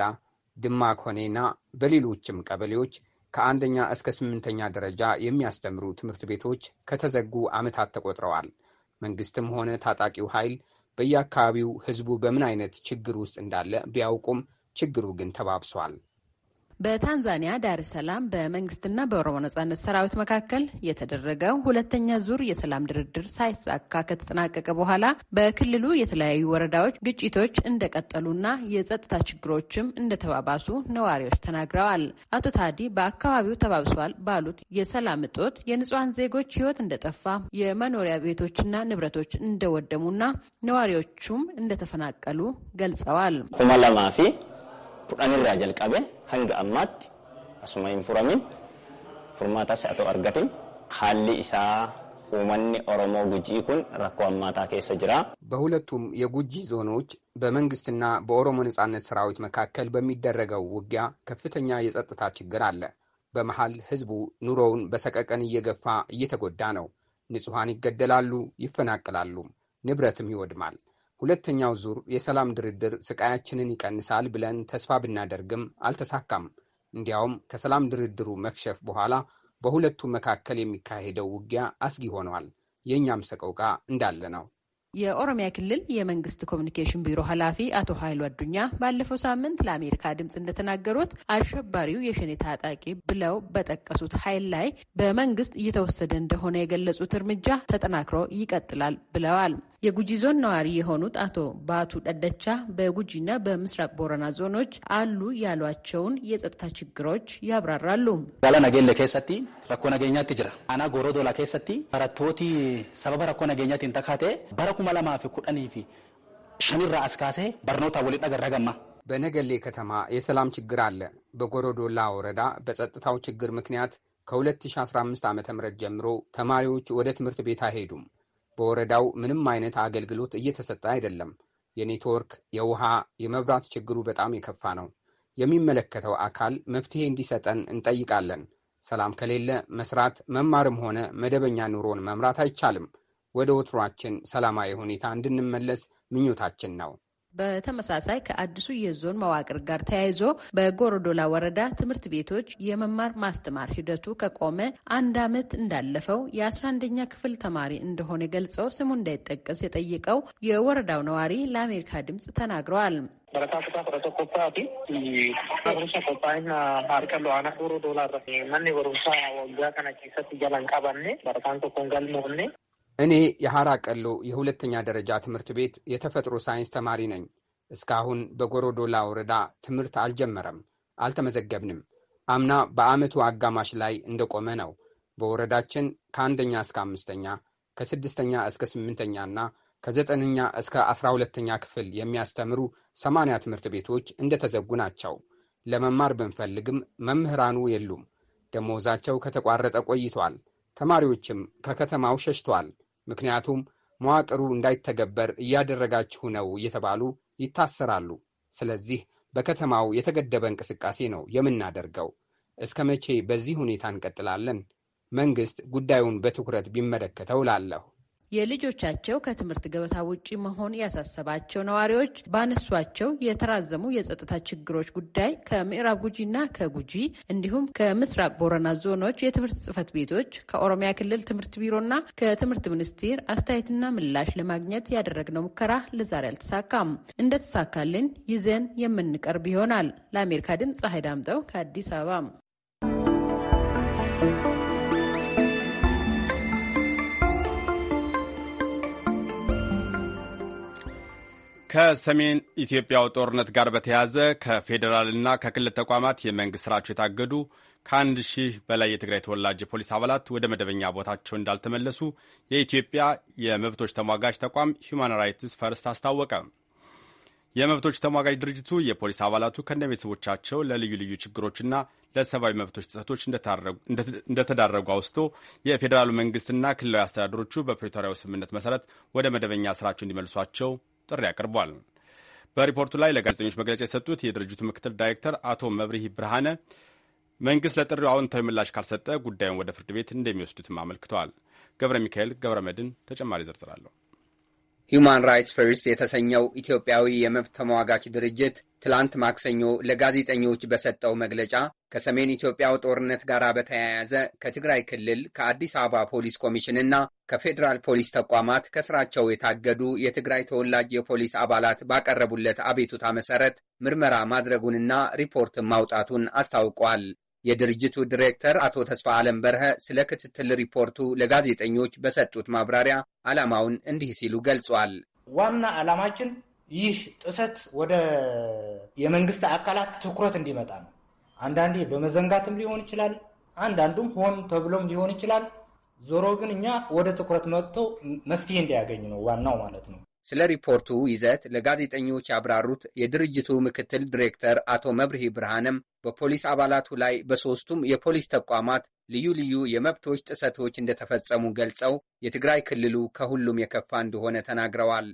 ድማ ኮኔና በሌሎችም ቀበሌዎች ከአንደኛ እስከ ስምንተኛ ደረጃ የሚያስተምሩ ትምህርት ቤቶች ከተዘጉ ዓመታት ተቆጥረዋል። መንግስትም ሆነ ታጣቂው ኃይል በየአካባቢው ህዝቡ በምን አይነት ችግር ውስጥ እንዳለ ቢያውቁም ችግሩ ግን ተባብሷል። በታንዛኒያ ዳር ሰላም በመንግስትና በኦሮሞ ነጻነት ሰራዊት መካከል የተደረገው ሁለተኛ ዙር የሰላም ድርድር ሳይሳካ ከተጠናቀቀ በኋላ በክልሉ የተለያዩ ወረዳዎች ግጭቶች እንደቀጠሉና የጸጥታ ችግሮችም እንደተባባሱ ነዋሪዎች ተናግረዋል። አቶ ታዲ በአካባቢው ተባብሷል ባሉት የሰላም እጦት የንጹሐን ዜጎች ህይወት እንደጠፋ፣ የመኖሪያ ቤቶችና ንብረቶች እንደወደሙና ነዋሪዎቹም እንደተፈናቀሉ ገልጸዋል። kudhanirraa jalqabe hanga ammaatti asuma hin furamin furmaataas haa ta'u argatin haalli isaa uummanni oromoo gujii kun rakkoo ammaataa keessa jira. በሁለቱም የጉጂ ዞኖች በመንግስትና በኦሮሞ ነጻነት ሰራዊት መካከል በሚደረገው ውጊያ ከፍተኛ የጸጥታ ችግር አለ። በመሃል ህዝቡ ኑሮውን በሰቀቀን እየገፋ እየተጎዳ ነው። ንጹሐን ይገደላሉ፣ ይፈናቅላሉ፣ ንብረትም ይወድማል። ሁለተኛው ዙር የሰላም ድርድር ስቃያችንን ይቀንሳል ብለን ተስፋ ብናደርግም አልተሳካም። እንዲያውም ከሰላም ድርድሩ መክሸፍ በኋላ በሁለቱ መካከል የሚካሄደው ውጊያ አስጊ ሆኗል። የእኛም ሰቆቃ እንዳለ ነው። የኦሮሚያ ክልል የመንግስት ኮሚኒኬሽን ቢሮ ኃላፊ አቶ ኃይሉ አዱኛ ባለፈው ሳምንት ለአሜሪካ ድምፅ እንደተናገሩት አሸባሪው የሸኔ ታጣቂ ብለው በጠቀሱት ኃይል ላይ በመንግስት እየተወሰደ እንደሆነ የገለጹት እርምጃ ተጠናክሮ ይቀጥላል ብለዋል። የጉጂ ዞን ነዋሪ የሆኑት አቶ ባቱ ደደቻ በጉጂና በምስራቅ ቦረና ዞኖች አሉ ያሏቸውን የጸጥታ ችግሮች ያብራራሉ። ጋላ ረኮ አና ጎሮዶላ በረቶቲ ሰበበ ረኮ ለማፊ ሸኒራ አስካሴ በርኖታ በነገሌ ከተማ የሰላም ችግር አለ። በጎሮዶላ ወረዳ በጸጥታው ችግር ምክንያት ከ2015 ዓ ም ጀምሮ ተማሪዎች ወደ ትምህርት ቤት አይሄዱም። በወረዳው ምንም አይነት አገልግሎት እየተሰጠ አይደለም። የኔትወርክ፣ የውሃ፣ የመብራት ችግሩ በጣም የከፋ ነው። የሚመለከተው አካል መፍትሄ እንዲሰጠን እንጠይቃለን። ሰላም ከሌለ መስራት መማርም ሆነ መደበኛ ኑሮን መምራት አይቻልም። ወደ ወትሯችን ሰላማዊ ሁኔታ እንድንመለስ ምኞታችን ነው። በተመሳሳይ ከአዲሱ የዞን መዋቅር ጋር ተያይዞ በጎሮዶላ ወረዳ ትምህርት ቤቶች የመማር ማስተማር ሂደቱ ከቆመ አንድ ዓመት እንዳለፈው የ11ኛ ክፍል ተማሪ እንደሆነ ገልጸው ስሙ እንዳይጠቀስ የጠየቀው የወረዳው ነዋሪ ለአሜሪካ ድምፅ ተናግረዋል። እኔ የሐራ ቀሎ የሁለተኛ ደረጃ ትምህርት ቤት የተፈጥሮ ሳይንስ ተማሪ ነኝ። እስካሁን በጎሮዶላ ወረዳ ትምህርት አልጀመረም፣ አልተመዘገብንም። አምና በዓመቱ አጋማሽ ላይ እንደቆመ ነው። በወረዳችን ከአንደኛ እስከ አምስተኛ ከስድስተኛ እስከ ስምንተኛ እና ከዘጠነኛ እስከ አስራ ሁለተኛ ክፍል የሚያስተምሩ ሰማንያ ትምህርት ቤቶች እንደተዘጉ ናቸው። ለመማር ብንፈልግም መምህራኑ የሉም። ደሞዛቸው ከተቋረጠ ቆይቷል። ተማሪዎችም ከከተማው ሸሽቷል። ምክንያቱም መዋቅሩ እንዳይተገበር እያደረጋችሁ ነው እየተባሉ ይታሰራሉ። ስለዚህ በከተማው የተገደበ እንቅስቃሴ ነው የምናደርገው። እስከ መቼ በዚህ ሁኔታ እንቀጥላለን? መንግሥት ጉዳዩን በትኩረት ቢመለከተው እላለሁ። የልጆቻቸው ከትምህርት ገበታ ውጪ መሆን ያሳሰባቸው ነዋሪዎች ባነሷቸው የተራዘሙ የጸጥታ ችግሮች ጉዳይ ከምዕራብ ጉጂና ከጉጂ እንዲሁም ከምስራቅ ቦረና ዞኖች የትምህርት ጽህፈት ቤቶች ከኦሮሚያ ክልል ትምህርት ቢሮና ከትምህርት ሚኒስቴር አስተያየትና ምላሽ ለማግኘት ያደረግነው ሙከራ ለዛሬ አልተሳካም። እንደተሳካልን ይዘን የምንቀርብ ይሆናል። ለአሜሪካ ድምፅ ፀሐይ ዳምጠው ከአዲስ አበባ ከሰሜን ኢትዮጵያው ጦርነት ጋር በተያያዘ ከፌዴራልና ከክልል ተቋማት የመንግሥት ሥራቸው የታገዱ ከአንድ ሺህ በላይ የትግራይ ተወላጅ የፖሊስ አባላት ወደ መደበኛ ቦታቸው እንዳልተመለሱ የኢትዮጵያ የመብቶች ተሟጋጅ ተቋም ሁማን ራይትስ ፈርስት አስታወቀ። የመብቶች ተሟጋጅ ድርጅቱ የፖሊስ አባላቱ ከነ ቤተሰቦቻቸው ለልዩ ልዩ ችግሮችና ለሰብአዊ መብቶች ጥሰቶች እንደተዳረጉ አውስቶ የፌዴራሉ መንግስትና ክልላዊ አስተዳደሮቹ በፕሪቶሪያው ስምምነት መሰረት ወደ መደበኛ ስራቸው እንዲመልሷቸው ጥሪ አቅርቧል። በሪፖርቱ ላይ ለጋዜጠኞች መግለጫ የሰጡት የድርጅቱ ምክትል ዳይሬክተር አቶ መብርሂ ብርሃነ መንግሥት ለጥሪው አዎንታዊ ምላሽ ካልሰጠ ጉዳዩን ወደ ፍርድ ቤት እንደሚወስዱትም አመልክተዋል። ገብረ ሚካኤል ገብረ መድን ተጨማሪ ዘርዝራለሁ። ሂውማን ራይትስ ፈርስት የተሰኘው ኢትዮጵያዊ የመብት ተሟጋች ድርጅት ትላንት ማክሰኞ ለጋዜጠኞች በሰጠው መግለጫ ከሰሜን ኢትዮጵያው ጦርነት ጋር በተያያዘ ከትግራይ ክልል ከአዲስ አበባ ፖሊስ ኮሚሽንና ከፌዴራል ፖሊስ ተቋማት ከስራቸው የታገዱ የትግራይ ተወላጅ የፖሊስ አባላት ባቀረቡለት አቤቱታ መሰረት ምርመራ ማድረጉንና ሪፖርት ማውጣቱን አስታውቋል። የድርጅቱ ዲሬክተር አቶ ተስፋ አለም በርሀ ስለ ክትትል ሪፖርቱ ለጋዜጠኞች በሰጡት ማብራሪያ ዓላማውን እንዲህ ሲሉ ገልጿል። ዋና ዓላማችን ይህ ጥሰት ወደ የመንግስት አካላት ትኩረት እንዲመጣ ነው። አንዳንዴ በመዘንጋትም ሊሆን ይችላል፣ አንዳንዱም ሆን ተብሎም ሊሆን ይችላል። ዞሮ ግን እኛ ወደ ትኩረት መጥቶ መፍትሄ እንዲያገኝ ነው ዋናው ማለት ነው። ስለ ሪፖርቱ ይዘት ለጋዜጠኞች ያብራሩት የድርጅቱ ምክትል ዲሬክተር አቶ መብርሂ ብርሃንም በፖሊስ አባላቱ ላይ በሦስቱም የፖሊስ ተቋማት ልዩ ልዩ የመብቶች ጥሰቶች እንደተፈጸሙ ገልጸው የትግራይ ክልሉ ከሁሉም የከፋ እንደሆነ ተናግረዋል።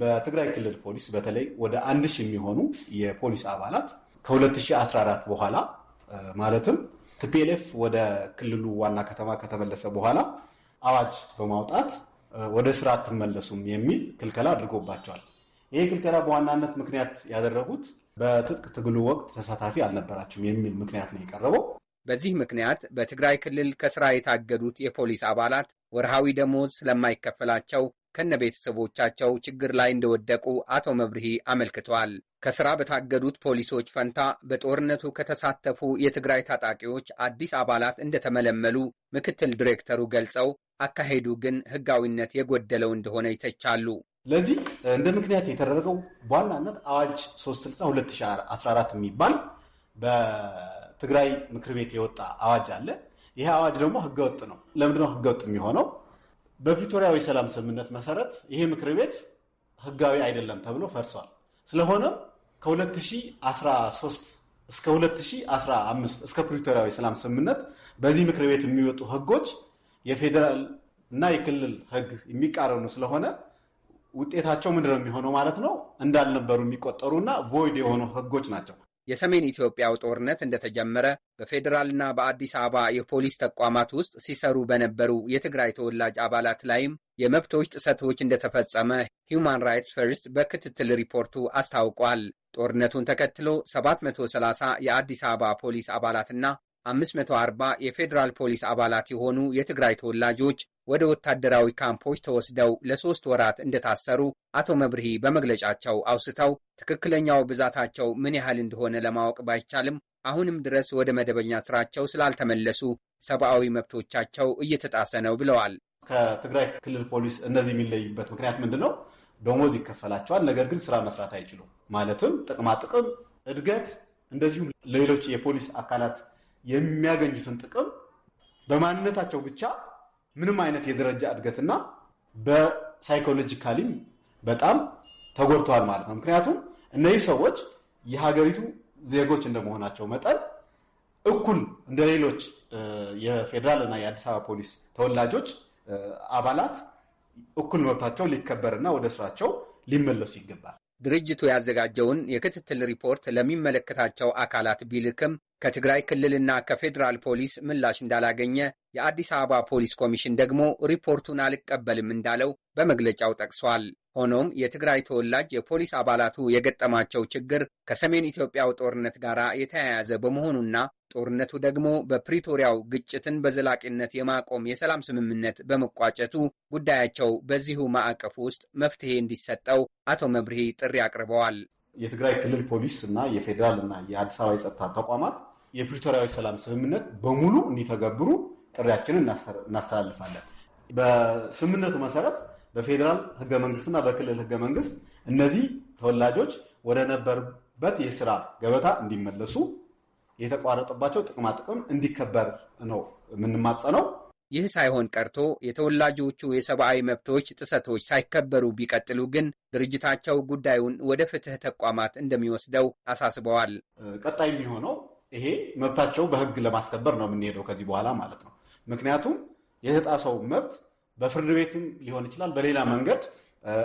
በትግራይ ክልል ፖሊስ በተለይ ወደ አንድ ሺህ የሚሆኑ የፖሊስ አባላት ከ2014 በኋላ ማለትም ቲፒኤልኤፍ ወደ ክልሉ ዋና ከተማ ከተመለሰ በኋላ አዋጅ በማውጣት ወደ ስራ አትመለሱም የሚል ክልከላ አድርጎባቸዋል። ይህ ክልከላ በዋናነት ምክንያት ያደረጉት በትጥቅ ትግሉ ወቅት ተሳታፊ አልነበራቸውም የሚል ምክንያት ነው የቀረበው። በዚህ ምክንያት በትግራይ ክልል ከስራ የታገዱት የፖሊስ አባላት ወርሃዊ ደሞዝ ስለማይከፈላቸው ከነ ቤተሰቦቻቸው ችግር ላይ እንደወደቁ አቶ መብርሂ አመልክቷል። ከስራ በታገዱት ፖሊሶች ፈንታ በጦርነቱ ከተሳተፉ የትግራይ ታጣቂዎች አዲስ አባላት እንደተመለመሉ ምክትል ዲሬክተሩ ገልጸው አካሄዱ ግን ህጋዊነት የጎደለው እንደሆነ ይተቻሉ። ለዚህ እንደ ምክንያት የተደረገው በዋናነት አዋጅ 360 2014 የሚባል በትግራይ ምክር ቤት የወጣ አዋጅ አለ። ይሄ አዋጅ ደግሞ ህገወጥ ነው። ለምንድነው ህገወጥ የሚሆነው? በፕሪቶሪያዊ ሰላም ስምምነት መሰረት ይሄ ምክር ቤት ህጋዊ አይደለም ተብሎ ፈርሷል። ስለሆነም ከ2013 እስከ 2015 እስከ ፕሪቶሪያዊ ሰላም ስምምነት በዚህ ምክር ቤት የሚወጡ ህጎች የፌዴራል እና የክልል ህግ የሚቃረኑ ስለሆነ ውጤታቸው ምንድነው የሚሆነው ማለት ነው እንዳልነበሩ እና ቮይድ የሆኑ ህጎች ናቸው። የሰሜን ኢትዮጵያው ጦርነት እንደተጀመረ በፌዴራልና በአዲስ አበባ የፖሊስ ተቋማት ውስጥ ሲሰሩ በነበሩ የትግራይ ተወላጅ አባላት ላይም የመብቶች ጥሰቶች እንደተፈጸመ ሂውማን ራይትስ ፈርስት በክትትል ሪፖርቱ አስታውቋል። ጦርነቱን ተከትሎ 730 የአዲስ አበባ ፖሊስ አባላትና 540 የፌዴራል ፖሊስ አባላት የሆኑ የትግራይ ተወላጆች ወደ ወታደራዊ ካምፖች ተወስደው ለሦስት ወራት እንደታሰሩ አቶ መብርሂ በመግለጫቸው አውስተው ትክክለኛው ብዛታቸው ምን ያህል እንደሆነ ለማወቅ ባይቻልም አሁንም ድረስ ወደ መደበኛ ስራቸው ስላልተመለሱ ሰብአዊ መብቶቻቸው እየተጣሰ ነው ብለዋል። ከትግራይ ክልል ፖሊስ እነዚህ የሚለይበት ምክንያት ምንድን ነው? ደሞዝ ይከፈላቸዋል፣ ነገር ግን ስራ መስራት አይችሉም። ማለትም ጥቅማጥቅም እድገት እንደዚሁም ሌሎች የፖሊስ አካላት የሚያገኙትን ጥቅም በማንነታቸው ብቻ ምንም አይነት የደረጃ እድገትና በሳይኮሎጂካሊም በጣም ተጎድተዋል ማለት ነው። ምክንያቱም እነዚህ ሰዎች የሀገሪቱ ዜጎች እንደመሆናቸው መጠን እኩል እንደ ሌሎች የፌዴራል እና የአዲስ አበባ ፖሊስ ተወላጆች አባላት እኩል መብታቸው ሊከበርና ወደ ስራቸው ሊመለሱ ይገባል። ድርጅቱ ያዘጋጀውን የክትትል ሪፖርት ለሚመለከታቸው አካላት ቢልክም ከትግራይ ክልልና ከፌዴራል ፖሊስ ምላሽ እንዳላገኘ የአዲስ አበባ ፖሊስ ኮሚሽን ደግሞ ሪፖርቱን አልቀበልም እንዳለው በመግለጫው ጠቅሷል። ሆኖም የትግራይ ተወላጅ የፖሊስ አባላቱ የገጠማቸው ችግር ከሰሜን ኢትዮጵያው ጦርነት ጋር የተያያዘ በመሆኑና ጦርነቱ ደግሞ በፕሪቶሪያው ግጭትን በዘላቂነት የማቆም የሰላም ስምምነት በመቋጨቱ ጉዳያቸው በዚሁ ማዕቀፍ ውስጥ መፍትሄ እንዲሰጠው አቶ መብርሄ ጥሪ አቅርበዋል። የትግራይ ክልል ፖሊስ እና የፌዴራል እና የአዲስ አበባ የጸጥታ ተቋማት የፕሪቶሪያዊ ሰላም ስምምነት በሙሉ እንዲተገብሩ ጥሪያችንን እናስተላልፋለን። በስምምነቱ መሰረት በፌዴራል ህገ መንግስትና በክልል ህገ መንግስት እነዚህ ተወላጆች ወደ ነበርበት የስራ ገበታ እንዲመለሱ የተቋረጠባቸው ጥቅማ ጥቅም እንዲከበር ነው የምንማጸነው። ይህ ሳይሆን ቀርቶ የተወላጆቹ የሰብአዊ መብቶች ጥሰቶች ሳይከበሩ ቢቀጥሉ ግን ድርጅታቸው ጉዳዩን ወደ ፍትህ ተቋማት እንደሚወስደው አሳስበዋል። ቀጣይ የሚሆነው ይሄ መብታቸው በህግ ለማስከበር ነው የምንሄደው ከዚህ በኋላ ማለት ነው። ምክንያቱም የተጣሰው መብት በፍርድ ቤትም ሊሆን ይችላል፣ በሌላ መንገድ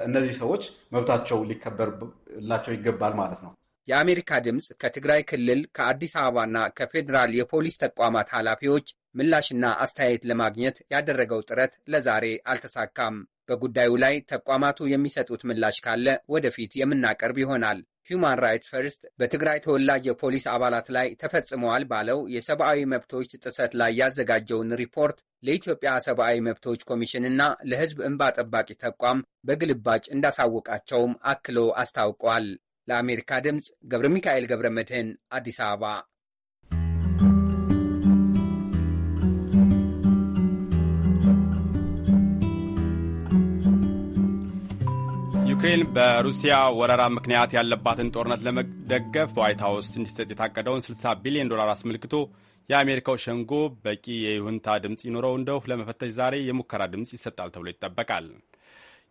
እነዚህ ሰዎች መብታቸው ሊከበርላቸው ይገባል ማለት ነው። የአሜሪካ ድምፅ ከትግራይ ክልል ከአዲስ አበባና ከፌዴራል የፖሊስ ተቋማት ኃላፊዎች ምላሽና አስተያየት ለማግኘት ያደረገው ጥረት ለዛሬ አልተሳካም። በጉዳዩ ላይ ተቋማቱ የሚሰጡት ምላሽ ካለ ወደፊት የምናቀርብ ይሆናል። ሁማን ራይትስ ፈርስት በትግራይ ተወላጅ የፖሊስ አባላት ላይ ተፈጽመዋል ባለው የሰብአዊ መብቶች ጥሰት ላይ ያዘጋጀውን ሪፖርት ለኢትዮጵያ ሰብአዊ መብቶች ኮሚሽንና ለሕዝብ እንባ ጠባቂ ተቋም በግልባጭ እንዳሳወቃቸውም አክሎ አስታውቋል። ለአሜሪካ ድምፅ ገብረ ሚካኤል ገብረ መድህን አዲስ አበባ። ዩክሬን በሩሲያ ወረራ ምክንያት ያለባትን ጦርነት ለመደገፍ በዋይት ሀውስ እንዲሰጥ የታቀደውን 60 ቢሊዮን ዶላር አስመልክቶ የአሜሪካው ሸንጎ በቂ የይሁንታ ድምፅ ይኖረው እንደው ለመፈተሽ ዛሬ የሙከራ ድምፅ ይሰጣል ተብሎ ይጠበቃል።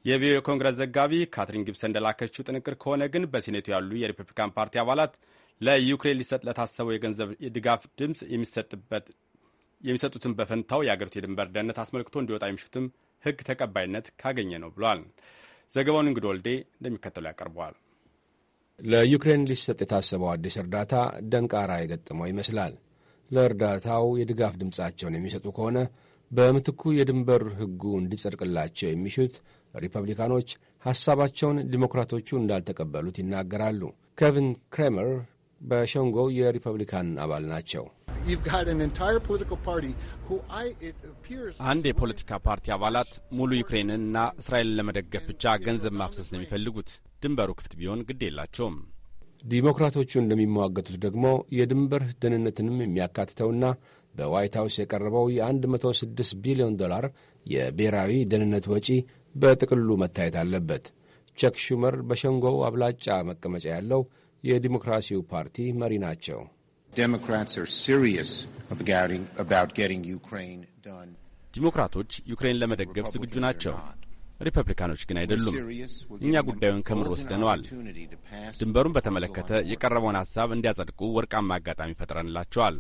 የቪኦኤ ኮንግረስ ዘጋቢ ካትሪን ጊብሰን እንደላከችው ጥንቅር ከሆነ ግን በሴኔቱ ያሉ የሪፐብሊካን ፓርቲ አባላት ለዩክሬን ሊሰጥ ለታሰበው የገንዘብ ድጋፍ ድምፅ የሚሰጡትን በፈንታው የአገሪቱ የድንበር ደህንነት አስመልክቶ እንዲወጣ የሚሹትም ህግ ተቀባይነት ካገኘ ነው ብሏል። ዘገባውን እንግዶ ወልዴ እንደሚከተለው ያቀርበዋል። ለዩክሬን ሊሰጥ የታሰበው አዲስ እርዳታ ደንቃራ የገጠመው ይመስላል። ለእርዳታው የድጋፍ ድምፃቸውን የሚሰጡ ከሆነ በምትኩ የድንበር ህጉ እንዲጸድቅላቸው የሚሹት ሪፐብሊካኖች ሐሳባቸውን ዲሞክራቶቹ እንዳልተቀበሉት ይናገራሉ። ኬቪን ክሬመር በሸንጎው የሪፐብሊካን አባል ናቸው። አንድ የፖለቲካ ፓርቲ አባላት ሙሉ ዩክሬንን እና እስራኤልን ለመደገፍ ብቻ ገንዘብ ማፍሰስ ነው የሚፈልጉት። ድንበሩ ክፍት ቢሆን ግድ የላቸውም። ዲሞክራቶቹ እንደሚሟገቱት ደግሞ የድንበር ደህንነትንም የሚያካትተውና በዋይት ሀውስ የቀረበው የ106 ቢሊዮን ዶላር የብሔራዊ ደህንነት ወጪ በጥቅሉ መታየት አለበት። ቸክ ሹመር በሸንጎው አብላጫ መቀመጫ ያለው የዲሞክራሲው ፓርቲ መሪ ናቸው። ዲሞክራቶች ዩክሬን ለመደገፍ ዝግጁ ናቸው። ሪፐብሊካኖች ግን አይደሉም። እኛ ጉዳዩን ከምር ወስደነዋል። ድንበሩን በተመለከተ የቀረበውን ሐሳብ እንዲያጸድቁ ወርቃማ አጋጣሚ ፈጥረንላቸዋል።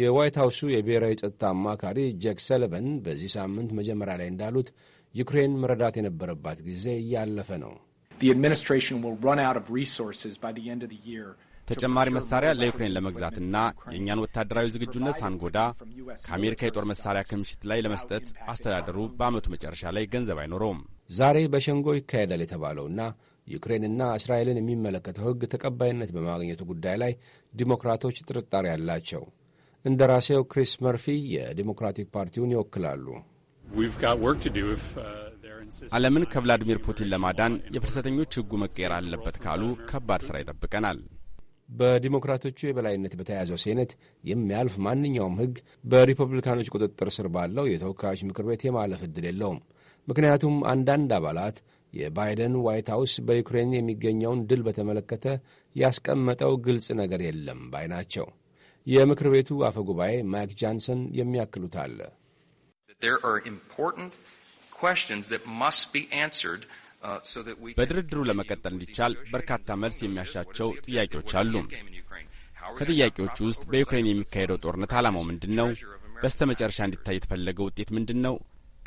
የዋይት ሀውሱ የብሔራዊ ጸጥታ አማካሪ ጄክ ሰለቨን በዚህ ሳምንት መጀመሪያ ላይ እንዳሉት ዩክሬን መረዳት የነበረባት ጊዜ እያለፈ ነው። ተጨማሪ መሳሪያ ለዩክሬን ለመግዛትና የእኛን ወታደራዊ ዝግጁነት ሳንጎዳ ከአሜሪካ የጦር መሳሪያ ክምሽት ላይ ለመስጠት አስተዳደሩ በዓመቱ መጨረሻ ላይ ገንዘብ አይኖረውም። ዛሬ በሸንጎ ይካሄዳል የተባለውና ዩክሬንና እስራኤልን የሚመለከተው ሕግ ተቀባይነት በማግኘቱ ጉዳይ ላይ ዲሞክራቶች ጥርጣሬ አላቸው። ራሴው ክሪስ መርፊ የዲሞክራቲክ ፓርቲውን ይወክላሉ። Uh, ዓለምን ከቭላዲሚር ፑቲን ለማዳን የፍልሰተኞች ሕጉ መቀየር አለበት ካሉ ከባድ ሥራ ይጠብቀናል። በዲሞክራቶቹ የበላይነት በተያዘው ሴኔት የሚያልፍ ማንኛውም ሕግ በሪፐብሊካኖች ቁጥጥር ስር ባለው የተወካዮች ምክር ቤት የማለፍ ዕድል የለውም። ምክንያቱም አንዳንድ አባላት የባይደን ዋይት ሀውስ በዩክሬን የሚገኘውን ድል በተመለከተ ያስቀመጠው ግልጽ ነገር የለም ባይ ናቸው። የምክር ቤቱ አፈ ጉባኤ ማይክ ጃንሰን የሚያክሉት አለ። There are important questions that must be answered uh, በድርድሩ ለመቀጠል እንዲቻል በርካታ መልስ የሚያሻቸው ጥያቄዎች አሉ። ከጥያቄዎቹ ውስጥ በዩክሬን የሚካሄደው ጦርነት ዓላማው ምንድን ነው? በስተ መጨረሻ እንዲታይ የተፈለገው ውጤት ምንድን ነው?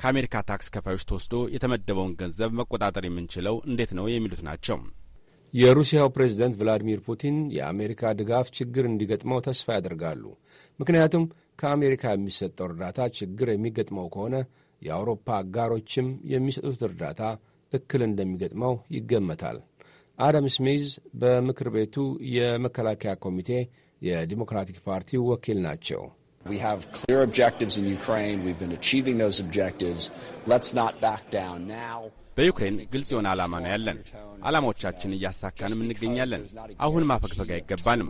ከአሜሪካ ታክስ ከፋዮች ተወስዶ የተመደበውን ገንዘብ መቆጣጠር የምንችለው እንዴት ነው? የሚሉት ናቸው። የሩሲያው ፕሬዝደንት ቭላዲሚር ፑቲን የአሜሪካ ድጋፍ ችግር እንዲገጥመው ተስፋ ያደርጋሉ። ምክንያቱም ከአሜሪካ የሚሰጠው እርዳታ ችግር የሚገጥመው ከሆነ የአውሮፓ አጋሮችም የሚሰጡት እርዳታ እክል እንደሚገጥመው ይገመታል። አደም ስሚዝ በምክር ቤቱ የመከላከያ ኮሚቴ የዲሞክራቲክ ፓርቲ ወኪል ናቸው። በዩክሬን ግልጽ የሆነ ዓላማ ነው ያለን። ዓላማዎቻችን እያሳካንም እንገኛለን። አሁን ማፈግፈግ አይገባንም።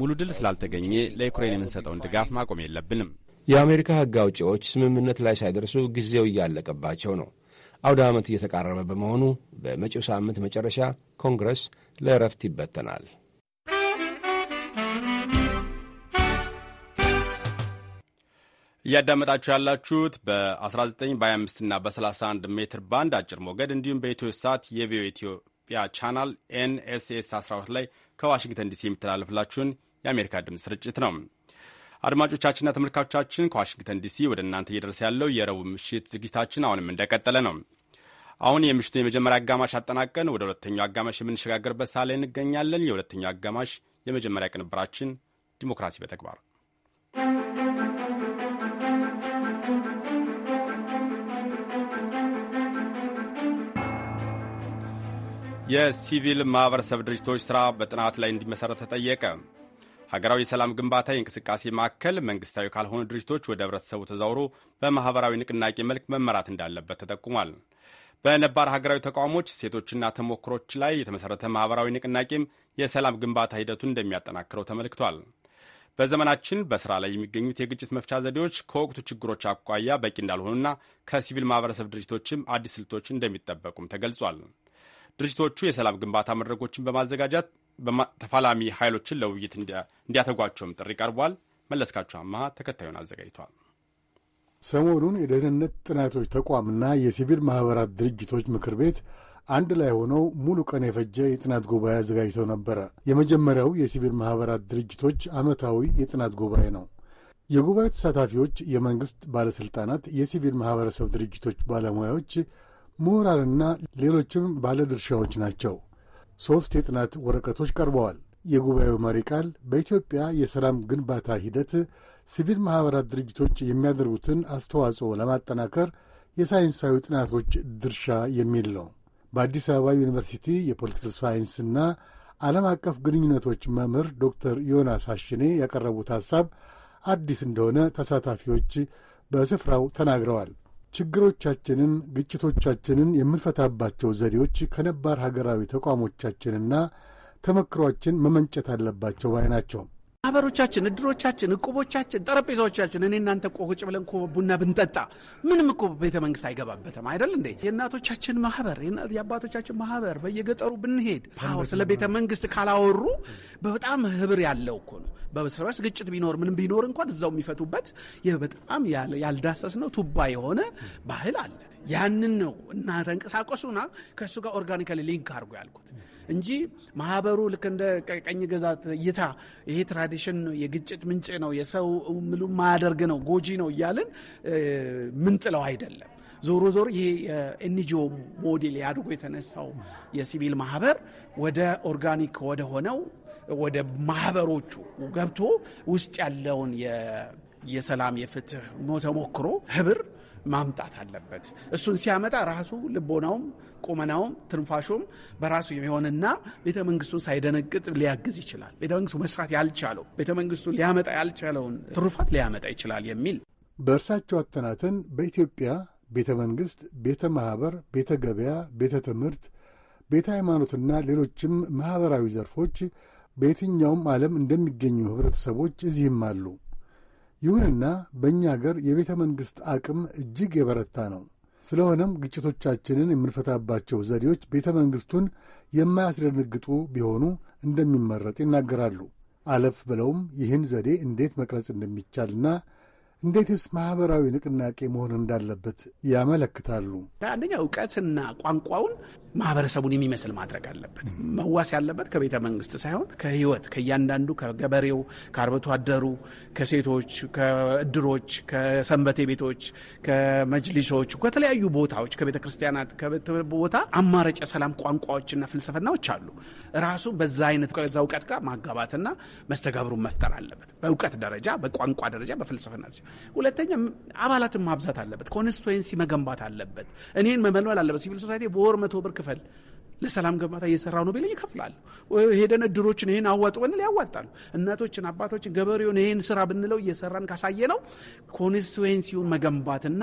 ሙሉ ድል ስላልተገኘ ለዩክሬን የምንሰጠውን ድጋፍ ማቆም የለብንም። የአሜሪካ ሕግ አውጪዎች ስምምነት ላይ ሳይደርሱ ጊዜው እያለቀባቸው ነው። አውደ ዓመት እየተቃረበ በመሆኑ በመጪው ሳምንት መጨረሻ ኮንግረስ ለእረፍት ይበተናል። እያዳመጣችሁ ያላችሁት በ19 በ25 እና በ31 ሜትር ባንድ አጭር ሞገድ እንዲሁም በኢትዮ ሳት የቪኦኤ ኢትዮጵያ ቻናል ኤንኤስኤስ 12 ላይ ከዋሽንግተን ዲሲ የሚተላለፍላችሁን የአሜሪካ ድምፅ ስርጭት ነው። አድማጮቻችንና ተመልካቾቻችን ከዋሽንግተን ዲሲ ወደ እናንተ እየደረሰ ያለው የረቡዕ ምሽት ዝግጅታችን አሁንም እንደቀጠለ ነው። አሁን የምሽቱ የመጀመሪያ አጋማሽ አጠናቀን ወደ ሁለተኛው አጋማሽ የምንሸጋገርበት ሳ ላይ እንገኛለን። የሁለተኛው አጋማሽ የመጀመሪያ ቅንብራችን ዲሞክራሲ በተግባር የሲቪል ማኅበረሰብ ድርጅቶች ሥራ በጥናት ላይ እንዲመሠረት ተጠየቀ። ሀገራዊ የሰላም ግንባታ የእንቅስቃሴ ማዕከል መንግሥታዊ ካልሆኑ ድርጅቶች ወደ ኅብረተሰቡ ተዛውሮ በማኅበራዊ ንቅናቄ መልክ መመራት እንዳለበት ተጠቁሟል። በነባር ሀገራዊ ተቋሞች ሴቶችና ተሞክሮች ላይ የተመሠረተ ማኅበራዊ ንቅናቄም የሰላም ግንባታ ሂደቱን እንደሚያጠናክረው ተመልክቷል። በዘመናችን በሥራ ላይ የሚገኙት የግጭት መፍቻ ዘዴዎች ከወቅቱ ችግሮች አኳያ በቂ እንዳልሆኑና ከሲቪል ማኅበረሰብ ድርጅቶችም አዲስ ስልቶች እንደሚጠበቁም ተገልጿል። ድርጅቶቹ የሰላም ግንባታ መድረኮችን በማዘጋጃት ተፋላሚ ኃይሎችን ለውይይት እንዲያተጓቸውም ጥሪ ቀርቧል። መለስካቸው አመሃ ተከታዩን አዘጋጅቷል። ሰሞኑን የደህንነት ጥናቶች ተቋምና የሲቪል ማኅበራት ድርጅቶች ምክር ቤት አንድ ላይ ሆነው ሙሉ ቀን የፈጀ የጥናት ጉባኤ አዘጋጅተው ነበረ። የመጀመሪያው የሲቪል ማኅበራት ድርጅቶች ዓመታዊ የጥናት ጉባኤ ነው። የጉባኤው ተሳታፊዎች የመንግሥት ባለሥልጣናት፣ የሲቪል ማኅበረሰብ ድርጅቶች ባለሙያዎች፣ ምሁራንና ሌሎችም ባለድርሻዎች ናቸው። ሦስት የጥናት ወረቀቶች ቀርበዋል። የጉባኤው መሪ ቃል በኢትዮጵያ የሰላም ግንባታ ሂደት ሲቪል ማኅበራት ድርጅቶች የሚያደርጉትን አስተዋጽኦ ለማጠናከር የሳይንሳዊ ጥናቶች ድርሻ የሚል ነው። በአዲስ አበባ ዩኒቨርሲቲ የፖለቲካል ሳይንስና ዓለም አቀፍ ግንኙነቶች መምህር ዶክተር ዮናስ አሽኔ ያቀረቡት ሐሳብ አዲስ እንደሆነ ተሳታፊዎች በስፍራው ተናግረዋል። ችግሮቻችንን፣ ግጭቶቻችንን የምንፈታባቸው ዘዴዎች ከነባር ሀገራዊ ተቋሞቻችንና ተመክሯችን መመንጨት አለባቸው ባይ ናቸው። ማህበሮቻችን፣ እድሮቻችን፣ እቁቦቻችን፣ ጠረጴዛዎቻችን እኔ እናንተ እኮ ቁጭ ብለን እኮ ቡና ብንጠጣ ምንም እኮ ቤተ መንግስት አይገባበትም አይደል እንዴ? የእናቶቻችን ማህበር፣ የአባቶቻችን ማህበር በየገጠሩ ብንሄድ ስለ ቤተ መንግስት ካላወሩ በጣም ህብር ያለው እኮ ነው። በእርስ ግጭት ቢኖር ምንም ቢኖር እንኳን እዛው የሚፈቱበት በጣም ያልዳሰስ ነው ቱባ የሆነ ባህል አለ። ያንን ነው እና ተንቀሳቀሱና ከእሱ ጋር ኦርጋኒካሊ ሊንክ አድርጎ ያልኩት እንጂ ማህበሩ ልክ እንደ ቀኝ ግዛት እይታ ይሄ ትራዲሽን ነው፣ የግጭት ምንጭ ነው፣ የሰው ምሉ ማያደርግ ነው፣ ጎጂ ነው እያልን ምንጥለው አይደለም። ዞሮ ዞሮ ይሄ የኤንጂኦ ሞዴል ያድጎ የተነሳው የሲቪል ማህበር ወደ ኦርጋኒክ ወደ ሆነው ወደ ማህበሮቹ ገብቶ ውስጥ ያለውን የሰላም የፍትህ ተሞክሮ ህብር ማምጣት አለበት። እሱን ሲያመጣ ራሱ ልቦናውም ቁመናውም ትንፋሹም በራሱ የሚሆንና ቤተ መንግስቱን ሳይደነግጥ ሊያግዝ ይችላል። ቤተ መንግስቱ መስራት ያልቻለው ቤተ መንግስቱ ሊያመጣ ያልቻለውን ትሩፋት ሊያመጣ ይችላል የሚል በእርሳቸው አተናተን በኢትዮጵያ ቤተ መንግስት፣ ቤተ ማኅበር፣ ቤተ ገበያ፣ ቤተ ትምህርት፣ ቤተ ሃይማኖትና ሌሎችም ማኅበራዊ ዘርፎች በየትኛውም ዓለም እንደሚገኙ ኅብረተሰቦች እዚህም አሉ። ይሁንና በእኛ አገር የቤተ መንግሥት አቅም እጅግ የበረታ ነው። ስለሆነም ግጭቶቻችንን የምንፈታባቸው ዘዴዎች ቤተ መንግሥቱን የማያስደነግጡ ቢሆኑ እንደሚመረጥ ይናገራሉ። አለፍ ብለውም ይህን ዘዴ እንዴት መቅረጽ እንደሚቻልና እንዴትስ ማህበራዊ ንቅናቄ መሆን እንዳለበት ያመለክታሉ? አንደኛ እውቀትና ቋንቋውን ማህበረሰቡን የሚመስል ማድረግ አለበት። መዋስ ያለበት ከቤተ መንግስት ሳይሆን ከህይወት ከእያንዳንዱ ከገበሬው፣ ከአርብቶ አደሩ፣ ከሴቶች፣ ከእድሮች፣ ከሰንበቴ ቤቶች፣ ከመጅሊሶች፣ ከተለያዩ ቦታዎች ከቤተ ክርስቲያናት ቦታ አማራጭ ሰላም ቋንቋዎችና ፍልስፍናዎች አሉ። ራሱ በዛ አይነት ከዛ እውቀት ጋር ማጋባትና መስተጋብሩን መፍጠር አለበት። በእውቀት ደረጃ፣ በቋንቋ ደረጃ፣ በፍልስፍና ደረጃ ሁለተኛ አባላትን ማብዛት አለበት። ኮንስቲቱንሲ መገንባት አለበት። እኔን መመልመል አለበት። ሲቪል ሶሳይቲ በወር መቶ ብር ክፈል ለሰላም ግንባታ እየሰራው ነው ቢለኝ ይከፍላል። ሄደን እድሮችን ይህን አዋጡ ብንል ያዋጣሉ። እናቶችን፣ አባቶችን፣ ገበሬውን ይህን ስራ ብንለው እየሰራን ካሳየ ነው ኮንስቲቱንሲውን መገንባትና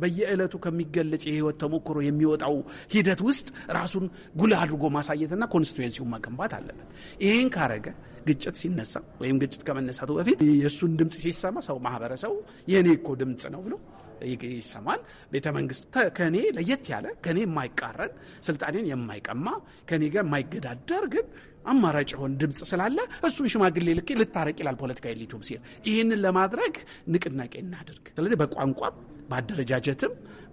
በየዕለቱ ከሚገለጽ የህይወት ተሞክሮ የሚወጣው ሂደት ውስጥ ራሱን ጉልህ አድርጎ ማሳየትና ኮንስቲቱንሲውን መገንባት አለበት። ይህን ካረገ ግጭት ሲነሳ ወይም ግጭት ከመነሳቱ በፊት የእሱን ድምፅ ሲሰማ ሰው ማህበረሰቡ የእኔ እኮ ድምፅ ነው ብሎ ይሰማል። ቤተ መንግስት ከኔ ለየት ያለ ከኔ የማይቃረን ስልጣኔን የማይቀማ ከኔ ጋር የማይገዳደር ግን አማራጭ የሆን ድምፅ ስላለ እሱን ሽማግሌ ልኬ ልታረቅ ይላል ፖለቲካ ኤሊቱም ሲል ይህንን ለማድረግ ንቅናቄ እናድርግ። ስለዚህ በቋንቋም በአደረጃጀትም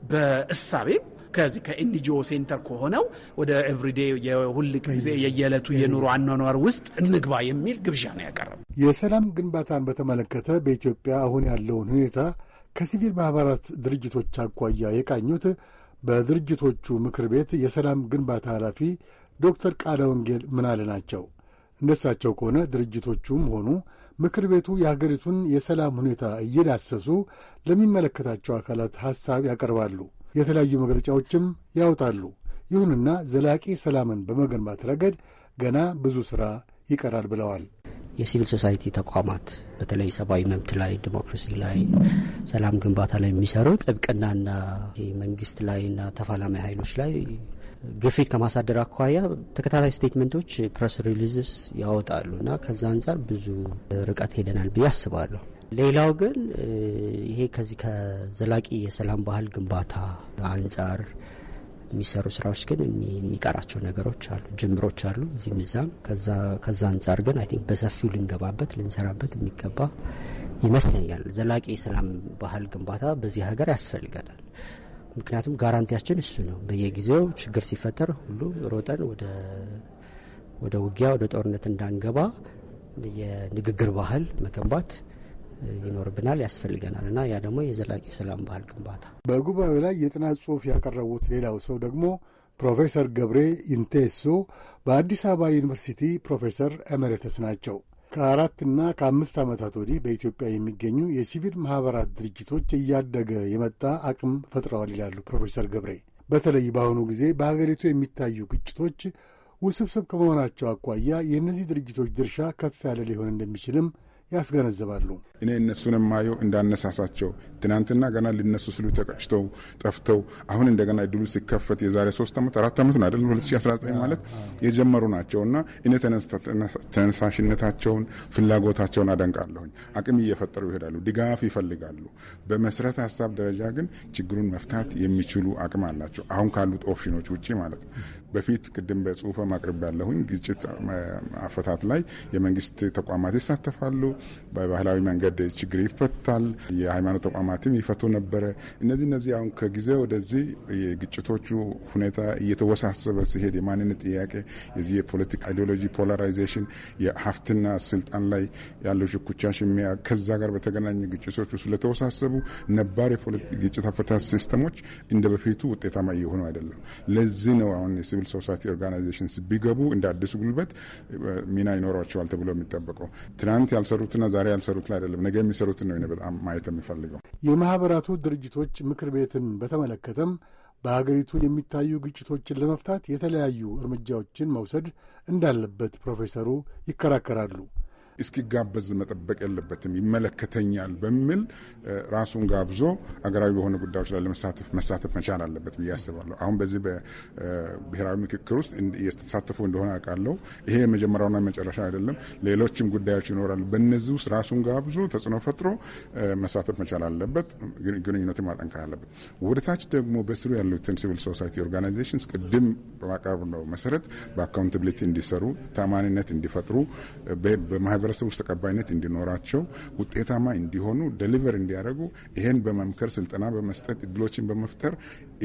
በእሳቤም ከዚህ ከኤንጂኦ ሴንተር ከሆነው ወደ ኤቭሪዴ የሁል ጊዜ የየዕለቱ የኑሮ አኗኗር ውስጥ እንግባ የሚል ግብዣ ነው ያቀረበ። የሰላም ግንባታን በተመለከተ በኢትዮጵያ አሁን ያለውን ሁኔታ ከሲቪል ማኅበራት ድርጅቶች አኳያ የቃኙት በድርጅቶቹ ምክር ቤት የሰላም ግንባታ ኃላፊ ዶክተር ቃለ ወንጌል ምናለ ናቸው። እንደሳቸው ከሆነ ድርጅቶቹም ሆኑ ምክር ቤቱ የሀገሪቱን የሰላም ሁኔታ እየዳሰሱ ለሚመለከታቸው አካላት ሐሳብ ያቀርባሉ። የተለያዩ መግለጫዎችም ያወጣሉ። ይሁንና ዘላቂ ሰላምን በመገንባት ረገድ ገና ብዙ ሥራ ይቀራል ብለዋል። የሲቪል ሶሳይቲ ተቋማት በተለይ ሰብአዊ መብት ላይ፣ ዲሞክራሲ ላይ፣ ሰላም ግንባታ ላይ የሚሰሩ ጥብቅናና መንግስት ላይና ተፋላሚ ኃይሎች ላይ ግፊት ከማሳደር አኳያ ተከታታይ ስቴትመንቶች፣ ፕሬስ ሪሊዝስ ያወጣሉ እና ከዛ አንጻር ብዙ ርቀት ሄደናል ብዬ አስባለሁ። ሌላው ግን ይሄ ከዚህ ከዘላቂ የሰላም ባህል ግንባታ አንጻር የሚሰሩ ስራዎች ግን የሚቀራቸው ነገሮች አሉ፣ ጅምሮች አሉ እዚህም እዛም። ከዛ አንጻር ግን አይ ቲንክ በሰፊው ልንገባበት ልንሰራበት የሚገባ ይመስለኛል። ዘላቂ የሰላም ባህል ግንባታ በዚህ ሀገር ያስፈልገናል። ምክንያቱም ጋራንቲያችን እሱ ነው። በየጊዜው ችግር ሲፈጠር ሁሉ ሮጠን ወደ ውጊያ ወደ ጦርነት እንዳንገባ የንግግር ባህል መገንባት ይኖርብናል፣ ያስፈልገናል እና ያ ደግሞ የዘላቂ ሰላም ባህል ግንባታ። በጉባኤው ላይ የጥናት ጽሑፍ ያቀረቡት ሌላው ሰው ደግሞ ፕሮፌሰር ገብሬ ኢንቴሶ በአዲስ አበባ ዩኒቨርሲቲ ፕሮፌሰር ኤሜሬተስ ናቸው። ከአራትና ከአምስት ዓመታት ወዲህ በኢትዮጵያ የሚገኙ የሲቪል ማኅበራት ድርጅቶች እያደገ የመጣ አቅም ፈጥረዋል ይላሉ ፕሮፌሰር ገብሬ። በተለይ በአሁኑ ጊዜ በሀገሪቱ የሚታዩ ግጭቶች ውስብስብ ከመሆናቸው አኳያ የእነዚህ ድርጅቶች ድርሻ ከፍ ያለ ሊሆን እንደሚችልም ያስገነዝባሉ። እኔ እነሱን የማየው እንዳነሳሳቸው ትናንትና ገና ሊነሱ ስሉ ተቀጭተው ጠፍተው አሁን እንደገና እድሉ ሲከፈት የዛሬ ሶስት ዓመት አራት ዓመት አይደል 2019 ማለት የጀመሩ ናቸው እና እኔ ተነሳሽነታቸውን ፍላጎታቸውን አደንቃለሁኝ። አቅም እየፈጠሩ ይሄዳሉ፣ ድጋፍ ይፈልጋሉ። በመሰረተ ሀሳብ ደረጃ ግን ችግሩን መፍታት የሚችሉ አቅም አላቸው አሁን ካሉት ኦፕሽኖች ውጭ ማለት ነው። በፊት ቅድም በጽሁፈ ማቅረብ ያለሁኝ ግጭት አፈታት ላይ የመንግስት ተቋማት ይሳተፋሉ። በባህላዊ መንገድ ችግር ይፈታል። የሃይማኖት ተቋማትም ይፈቱ ነበረ። እነዚህ እነዚህ አሁን ከጊዜ ወደዚህ የግጭቶቹ ሁኔታ እየተወሳሰበ ሲሄድ የማንነት ጥያቄ የዚህ የፖለቲካ አይዲዮሎጂ ፖላራይዜሽን፣ የሀብትና ስልጣን ላይ ያለው ሽኩቻ፣ ሽሚያ ከዛ ጋር በተገናኘ ግጭቶቹ ስለተወሳሰቡ ነባር የግጭት አፈታት ሲስተሞች እንደ በፊቱ ውጤታማ እየሆኑ አይደለም። ለዚህ ነው አሁን ሲቪል ሶሳይቲ ኦርጋናይዜሽንስ ቢገቡ እንደ አዲሱ ጉልበት ሚና ይኖሯቸዋል ተብሎ የሚጠበቀው ትናንት ያልሰሩትና ዛሬ ያልሰሩትን አይደለም ነገ የሚሰሩትን ነው በጣም ማየት የሚፈልገው። የማህበራቱ ድርጅቶች ምክር ቤትን በተመለከተም በሀገሪቱ የሚታዩ ግጭቶችን ለመፍታት የተለያዩ እርምጃዎችን መውሰድ እንዳለበት ፕሮፌሰሩ ይከራከራሉ። እስኪጋበዝ መጠበቅ የለበትም ይመለከተኛል በሚል ራሱን ጋብዞ አገራዊ በሆነ ጉዳዮች ላይ ለመሳተፍ መሳተፍ መቻል አለበት ብዬ አስባለሁ። አሁን በዚህ በብሔራዊ ምክክር ውስጥ እየተሳተፉ እንደሆነ አውቃለሁ። ይሄ የመጀመሪያውና መጨረሻ አይደለም። ሌሎችም ጉዳዮች ይኖራሉ። በእነዚህ ውስጥ ራሱን ጋብዞ ተጽዕኖ ፈጥሮ መሳተፍ መቻል አለበት። ግንኙነት ማጠንከር አለበት። ወደታች ደግሞ በስሩ ያሉትን ሲቪል ሶሳይቲ ኦርጋናይዜሽንስ ቅድም በማቅረብ ነው መሰረት በአካውንታብሊቲ እንዲሰሩ ታማኒነት እንዲፈጥሩ በማህበር በማህበረሰብ ውስጥ ተቀባይነት እንዲኖራቸው፣ ውጤታማ እንዲሆኑ፣ ደሊቨር እንዲያደርጉ ይሄን በመምከር ስልጠና በመስጠት እድሎችን በመፍጠር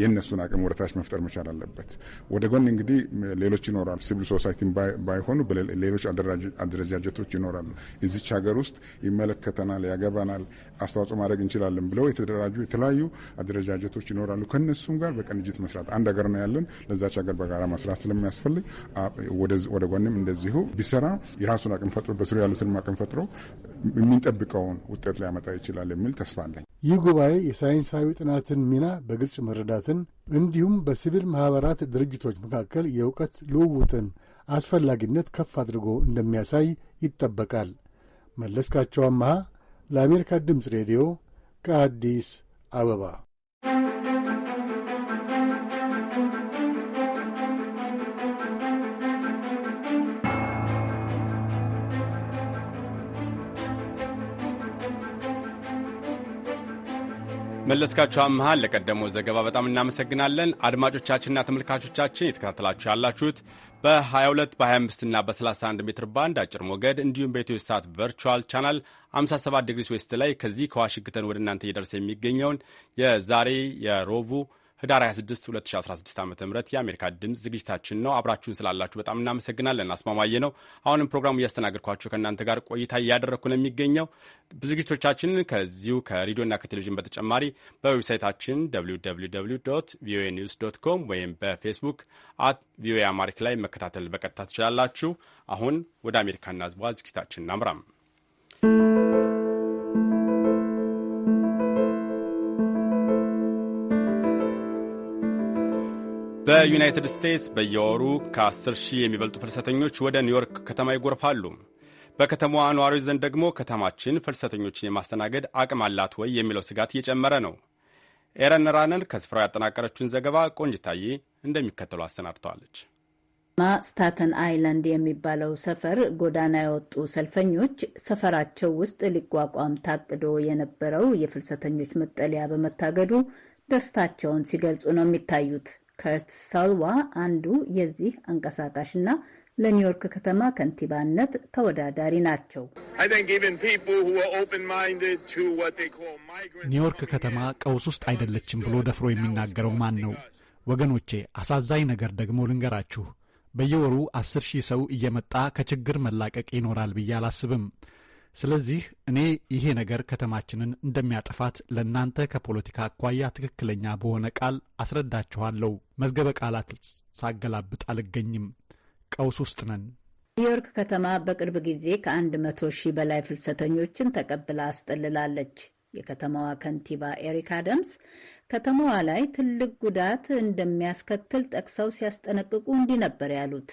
የእነሱን አቅም ወደታች መፍጠር መቻል አለበት። ወደ ጎን እንግዲህ ሌሎች ይኖራሉ። ሲቪል ሶሳይቲ ባይሆኑ ሌሎች አደረጃጀቶች ይኖራሉ። እዚች ሀገር ውስጥ ይመለከተናል፣ ያገባናል፣ አስተዋጽኦ ማድረግ እንችላለን ብለው የተደራጁ የተለያዩ አደረጃጀቶች ይኖራሉ። ከእነሱም ጋር በቅንጅት መስራት አንድ ሀገር ነው ያለን። ለዛች ሀገር በጋራ መስራት ስለሚያስፈልግ ወደ ጎንም እንደዚሁ ቢሰራ የራሱን አቅም ፈጥሮ በስሩ ያሉትን አቅም ፈጥሮ የሚንጠብቀውን ውጤት ሊያመጣ ይችላል የሚል ተስፋ አለኝ። ይህ ጉባኤ የሳይንሳዊ ጥናትን ሚና በግልጽ መረዳትን እንዲሁም በሲቪል ማኅበራት ድርጅቶች መካከል የእውቀት ልውውጥን አስፈላጊነት ከፍ አድርጎ እንደሚያሳይ ይጠበቃል። መለስካቸው አመሃ ለአሜሪካ ድምፅ ሬዲዮ ከአዲስ አበባ መለስካቸው አምሃ ለቀደመው ዘገባ በጣም እናመሰግናለን። አድማጮቻችንና ተመልካቾቻችን የተከታተላችሁ ያላችሁት በ22 በ25ና በ31 ሜትር ባንድ አጭር ሞገድ እንዲሁም በኢትዮ ሳት ቨርቹዋል ቻናል 57 ዲግሪስ ዌስት ላይ ከዚህ ከዋሽንግተን ወደ እናንተ እየደርሰ የሚገኘውን የዛሬ የሮቡ ህዳር 26 2016 ዓ ም የአሜሪካ ድምፅ ዝግጅታችን ነው። አብራችሁን ስላላችሁ በጣም እናመሰግናለን። አስማማየ ነው። አሁንም ፕሮግራሙ እያስተናገድኳችሁ ከእናንተ ጋር ቆይታ እያደረግኩ ነው የሚገኘው። ዝግጅቶቻችንን ከዚሁ ከሬዲዮና ከቴሌቪዥን በተጨማሪ በዌብሳይታችን ቪኦኤ ኒውስ ዶት ኮም ወይም በፌስቡክ አት ቪኦኤ አማሪክ ላይ መከታተል በቀጥታ ትችላላችሁ። አሁን ወደ አሜሪካና ህዝቧ ዝግጅታችን እናምራም። በዩናይትድ ስቴትስ በየወሩ ከ10 ሺህ የሚበልጡ ፍልሰተኞች ወደ ኒውዮርክ ከተማ ይጎርፋሉ። በከተማዋ ነዋሪዎች ዘንድ ደግሞ ከተማችን ፍልሰተኞችን የማስተናገድ አቅም አላት ወይ የሚለው ስጋት እየጨመረ ነው። ኤረን ራነን ከስፍራው ያጠናቀረችውን ዘገባ ቆንጅታዬ እንደሚከተሉ አሰናድተዋለች። ማ ስታተን አይላንድ የሚባለው ሰፈር ጎዳና የወጡ ሰልፈኞች ሰፈራቸው ውስጥ ሊቋቋም ታቅዶ የነበረው የፍልሰተኞች መጠለያ በመታገዱ ደስታቸውን ሲገልጹ ነው የሚታዩት። ከርት ሳልዋ አንዱ የዚህ አንቀሳቃሽና ለኒውዮርክ ከተማ ከንቲባነት ተወዳዳሪ ናቸው። ኒውዮርክ ከተማ ቀውስ ውስጥ አይደለችም ብሎ ደፍሮ የሚናገረው ማን ነው? ወገኖቼ፣ አሳዛኝ ነገር ደግሞ ልንገራችሁ። በየወሩ አስር ሺህ ሰው እየመጣ ከችግር መላቀቅ ይኖራል ብዬ አላስብም። ስለዚህ እኔ ይሄ ነገር ከተማችንን እንደሚያጠፋት ለእናንተ ከፖለቲካ አኳያ ትክክለኛ በሆነ ቃል አስረዳችኋለሁ። መዝገበ ቃላት ሳገላብጥ አልገኝም። ቀውስ ውስጥ ነን። ኒውዮርክ ከተማ በቅርብ ጊዜ ከአንድ መቶ ሺህ በላይ ፍልሰተኞችን ተቀብላ አስጠልላለች። የከተማዋ ከንቲባ ኤሪክ አደምስ ከተማዋ ላይ ትልቅ ጉዳት እንደሚያስከትል ጠቅሰው ሲያስጠነቅቁ እንዲህ ነበር ያሉት።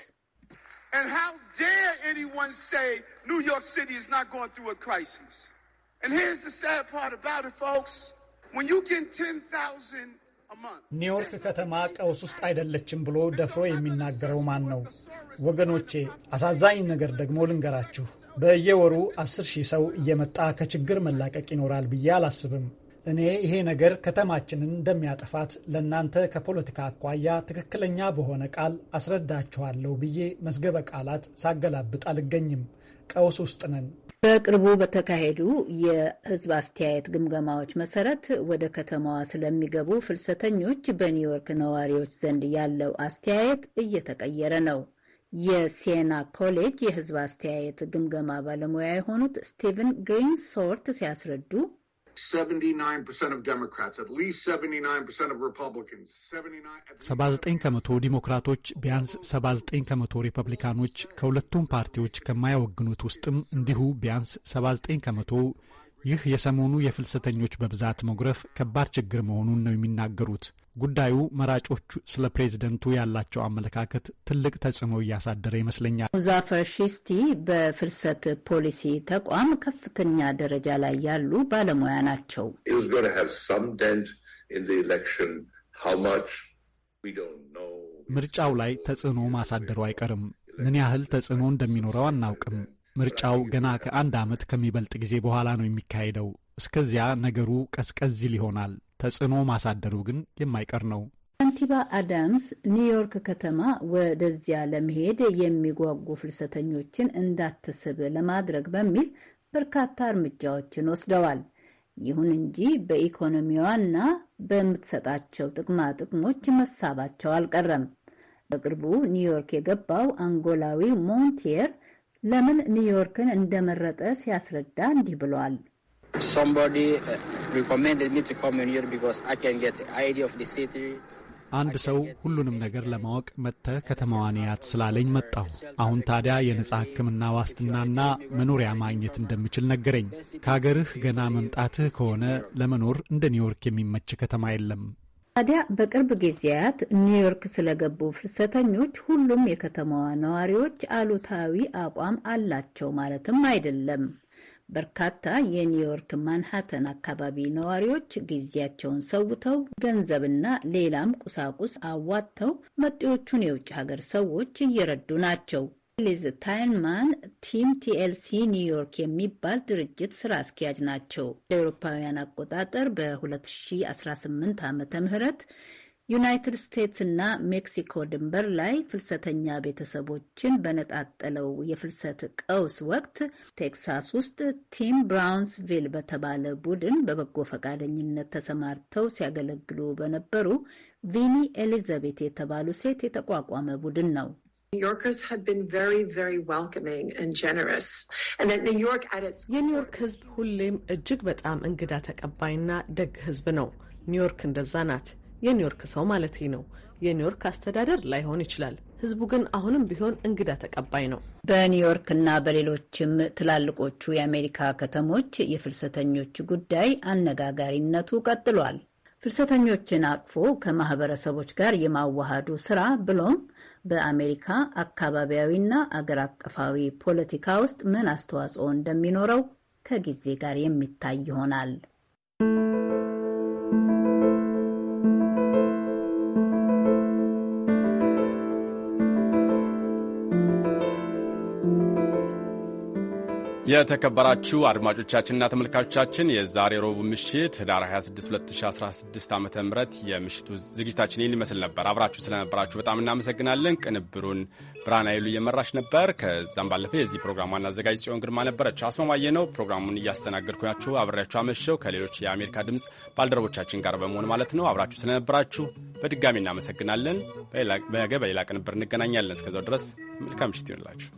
And how dare anyone say New York City is not going through a crisis? And here's the sad part about it, folks. When you get 10,000 ኒውዮርክ ከተማ ቀውስ ውስጥ አይደለችም ብሎ ደፍሮ የሚናገረው ማን ነው? ወገኖቼ፣ አሳዛኝ ነገር ደግሞ ልንገራችሁ። በየወሩ አስር ሺህ ሰው እየመጣ ከችግር መላቀቅ ይኖራል ብዬ አላስብም። እኔ ይሄ ነገር ከተማችንን እንደሚያጠፋት ለእናንተ ከፖለቲካ አኳያ ትክክለኛ በሆነ ቃል አስረዳችኋለሁ ብዬ መዝገበ ቃላት ሳገላብጥ አልገኝም። ቀውስ ውስጥ ነን። በቅርቡ በተካሄዱ የሕዝብ አስተያየት ግምገማዎች መሰረት ወደ ከተማዋ ስለሚገቡ ፍልሰተኞች በኒውዮርክ ነዋሪዎች ዘንድ ያለው አስተያየት እየተቀየረ ነው። የሲየና ኮሌጅ የሕዝብ አስተያየት ግምገማ ባለሙያ የሆኑት ስቲቨን ግሪን ሶርት ሲያስረዱ 79 ከመቶ ዲሞክራቶች፣ ቢያንስ 79 ከመቶ ሪፐብሊካኖች፣ ከሁለቱም ፓርቲዎች ከማያወግኑት ውስጥም እንዲሁ ቢያንስ 79 ከመቶ ይህ የሰሞኑ የፍልሰተኞች በብዛት መጉረፍ ከባድ ችግር መሆኑን ነው የሚናገሩት። ጉዳዩ መራጮቹ ስለ ፕሬዝደንቱ ያላቸው አመለካከት ትልቅ ተጽዕኖ እያሳደረ ይመስለኛል። ሙዛፈር ሺስቲ በፍልሰት ፖሊሲ ተቋም ከፍተኛ ደረጃ ላይ ያሉ ባለሙያ ናቸው። ምርጫው ላይ ተጽዕኖ ማሳደሩ አይቀርም። ምን ያህል ተጽዕኖ እንደሚኖረው አናውቅም። ምርጫው ገና ከአንድ ዓመት ከሚበልጥ ጊዜ በኋላ ነው የሚካሄደው። እስከዚያ ነገሩ ቀዝቀዝ ይል ይሆናል። ተጽዕኖ ማሳደሩ ግን የማይቀር ነው። ከንቲባ አዳምስ ኒውዮርክ ከተማ ወደዚያ ለመሄድ የሚጓጉ ፍልሰተኞችን እንዳትስብ ለማድረግ በሚል በርካታ እርምጃዎችን ወስደዋል። ይሁን እንጂ በኢኮኖሚዋና በምትሰጣቸው ጥቅማ ጥቅሞች መሳባቸው አልቀረም። በቅርቡ ኒውዮርክ የገባው አንጎላዊ ሞንቲየር ለምን ኒውዮርክን እንደመረጠ ሲያስረዳ እንዲህ ብሏል። uh, አንድ ሰው ሁሉንም ነገር ለማወቅ መጥተህ ከተማዋን ያት ስላለኝ መጣሁ። አሁን ታዲያ የነጻ ሕክምና ዋስትናና መኖሪያ ማግኘት እንደምችል ነገረኝ። ከአገርህ ገና መምጣትህ ከሆነ ለመኖር እንደ ኒውዮርክ የሚመች ከተማ የለም። ታዲያ በቅርብ ጊዜያት ኒውዮርክ ስለገቡ ፍልሰተኞች ሁሉም የከተማዋ ነዋሪዎች አሉታዊ አቋም አላቸው ማለትም አይደለም። በርካታ የኒውዮርክ ማንሃተን አካባቢ ነዋሪዎች ጊዜያቸውን ሰውተው ገንዘብና ሌላም ቁሳቁስ አዋጥተው መጤዎቹን የውጭ ሀገር ሰዎች እየረዱ ናቸው። ሊዝ ታይንማን ቲም ቲኤልሲ ኒውዮርክ የሚባል ድርጅት ስራ አስኪያጅ ናቸው። ለአውሮፓውያን አቆጣጠር በ2018 ዓመተ ምህረት ዩናይትድ ስቴትስ እና ሜክሲኮ ድንበር ላይ ፍልሰተኛ ቤተሰቦችን በነጣጠለው የፍልሰት ቀውስ ወቅት ቴክሳስ ውስጥ ቲም ብራውንስቪል በተባለ ቡድን በበጎ ፈቃደኝነት ተሰማርተው ሲያገለግሉ በነበሩ ቪኒ ኤሊዛቤት የተባሉ ሴት የተቋቋመ ቡድን ነው። የኒውዮርክ ሕዝብ ሁሌም እጅግ በጣም እንግዳ ተቀባይና ደግ ሕዝብ ነው። ኒውዮርክ እንደዛ ናት። የኒውዮርክ ሰው ማለት ነው። የኒውዮርክ አስተዳደር ላይሆን ይችላል። ህዝቡ ግን አሁንም ቢሆን እንግዳ ተቀባይ ነው። በኒውዮርክ እና በሌሎችም ትላልቆቹ የአሜሪካ ከተሞች የፍልሰተኞች ጉዳይ አነጋጋሪነቱ ቀጥሏል። ፍልሰተኞችን አቅፎ ከማህበረሰቦች ጋር የማዋሃዱ ስራ ብሎም በአሜሪካ አካባቢያዊና አገር አቀፋዊ ፖለቲካ ውስጥ ምን አስተዋጽኦ እንደሚኖረው ከጊዜ ጋር የሚታይ ይሆናል። የተከበራችሁ አድማጮቻችንና ተመልካቾቻችን የዛሬ ሮቡ ምሽት ህዳር 26 2016 ዓ ም የምሽቱ ዝግጅታችን ይህን ይመስል ነበር። አብራችሁ ስለነበራችሁ በጣም እናመሰግናለን። ቅንብሩን ብርሃን ይሉ እየመራች ነበር። ከዛም ባለፈ የዚህ ፕሮግራም ዋና አዘጋጅ ጽዮን ግርማ ነበረች። አስማማየ ነው ፕሮግራሙን እያስተናገድኳችሁ አብሬያችሁ አመሸው ከሌሎች የአሜሪካ ድምፅ ባልደረቦቻችን ጋር በመሆን ማለት ነው። አብራችሁ ስለነበራችሁ በድጋሚ እናመሰግናለን። በነገ በሌላ ቅንብር እንገናኛለን። እስከዛው ድረስ መልካም ምሽት ይሆንላችሁ።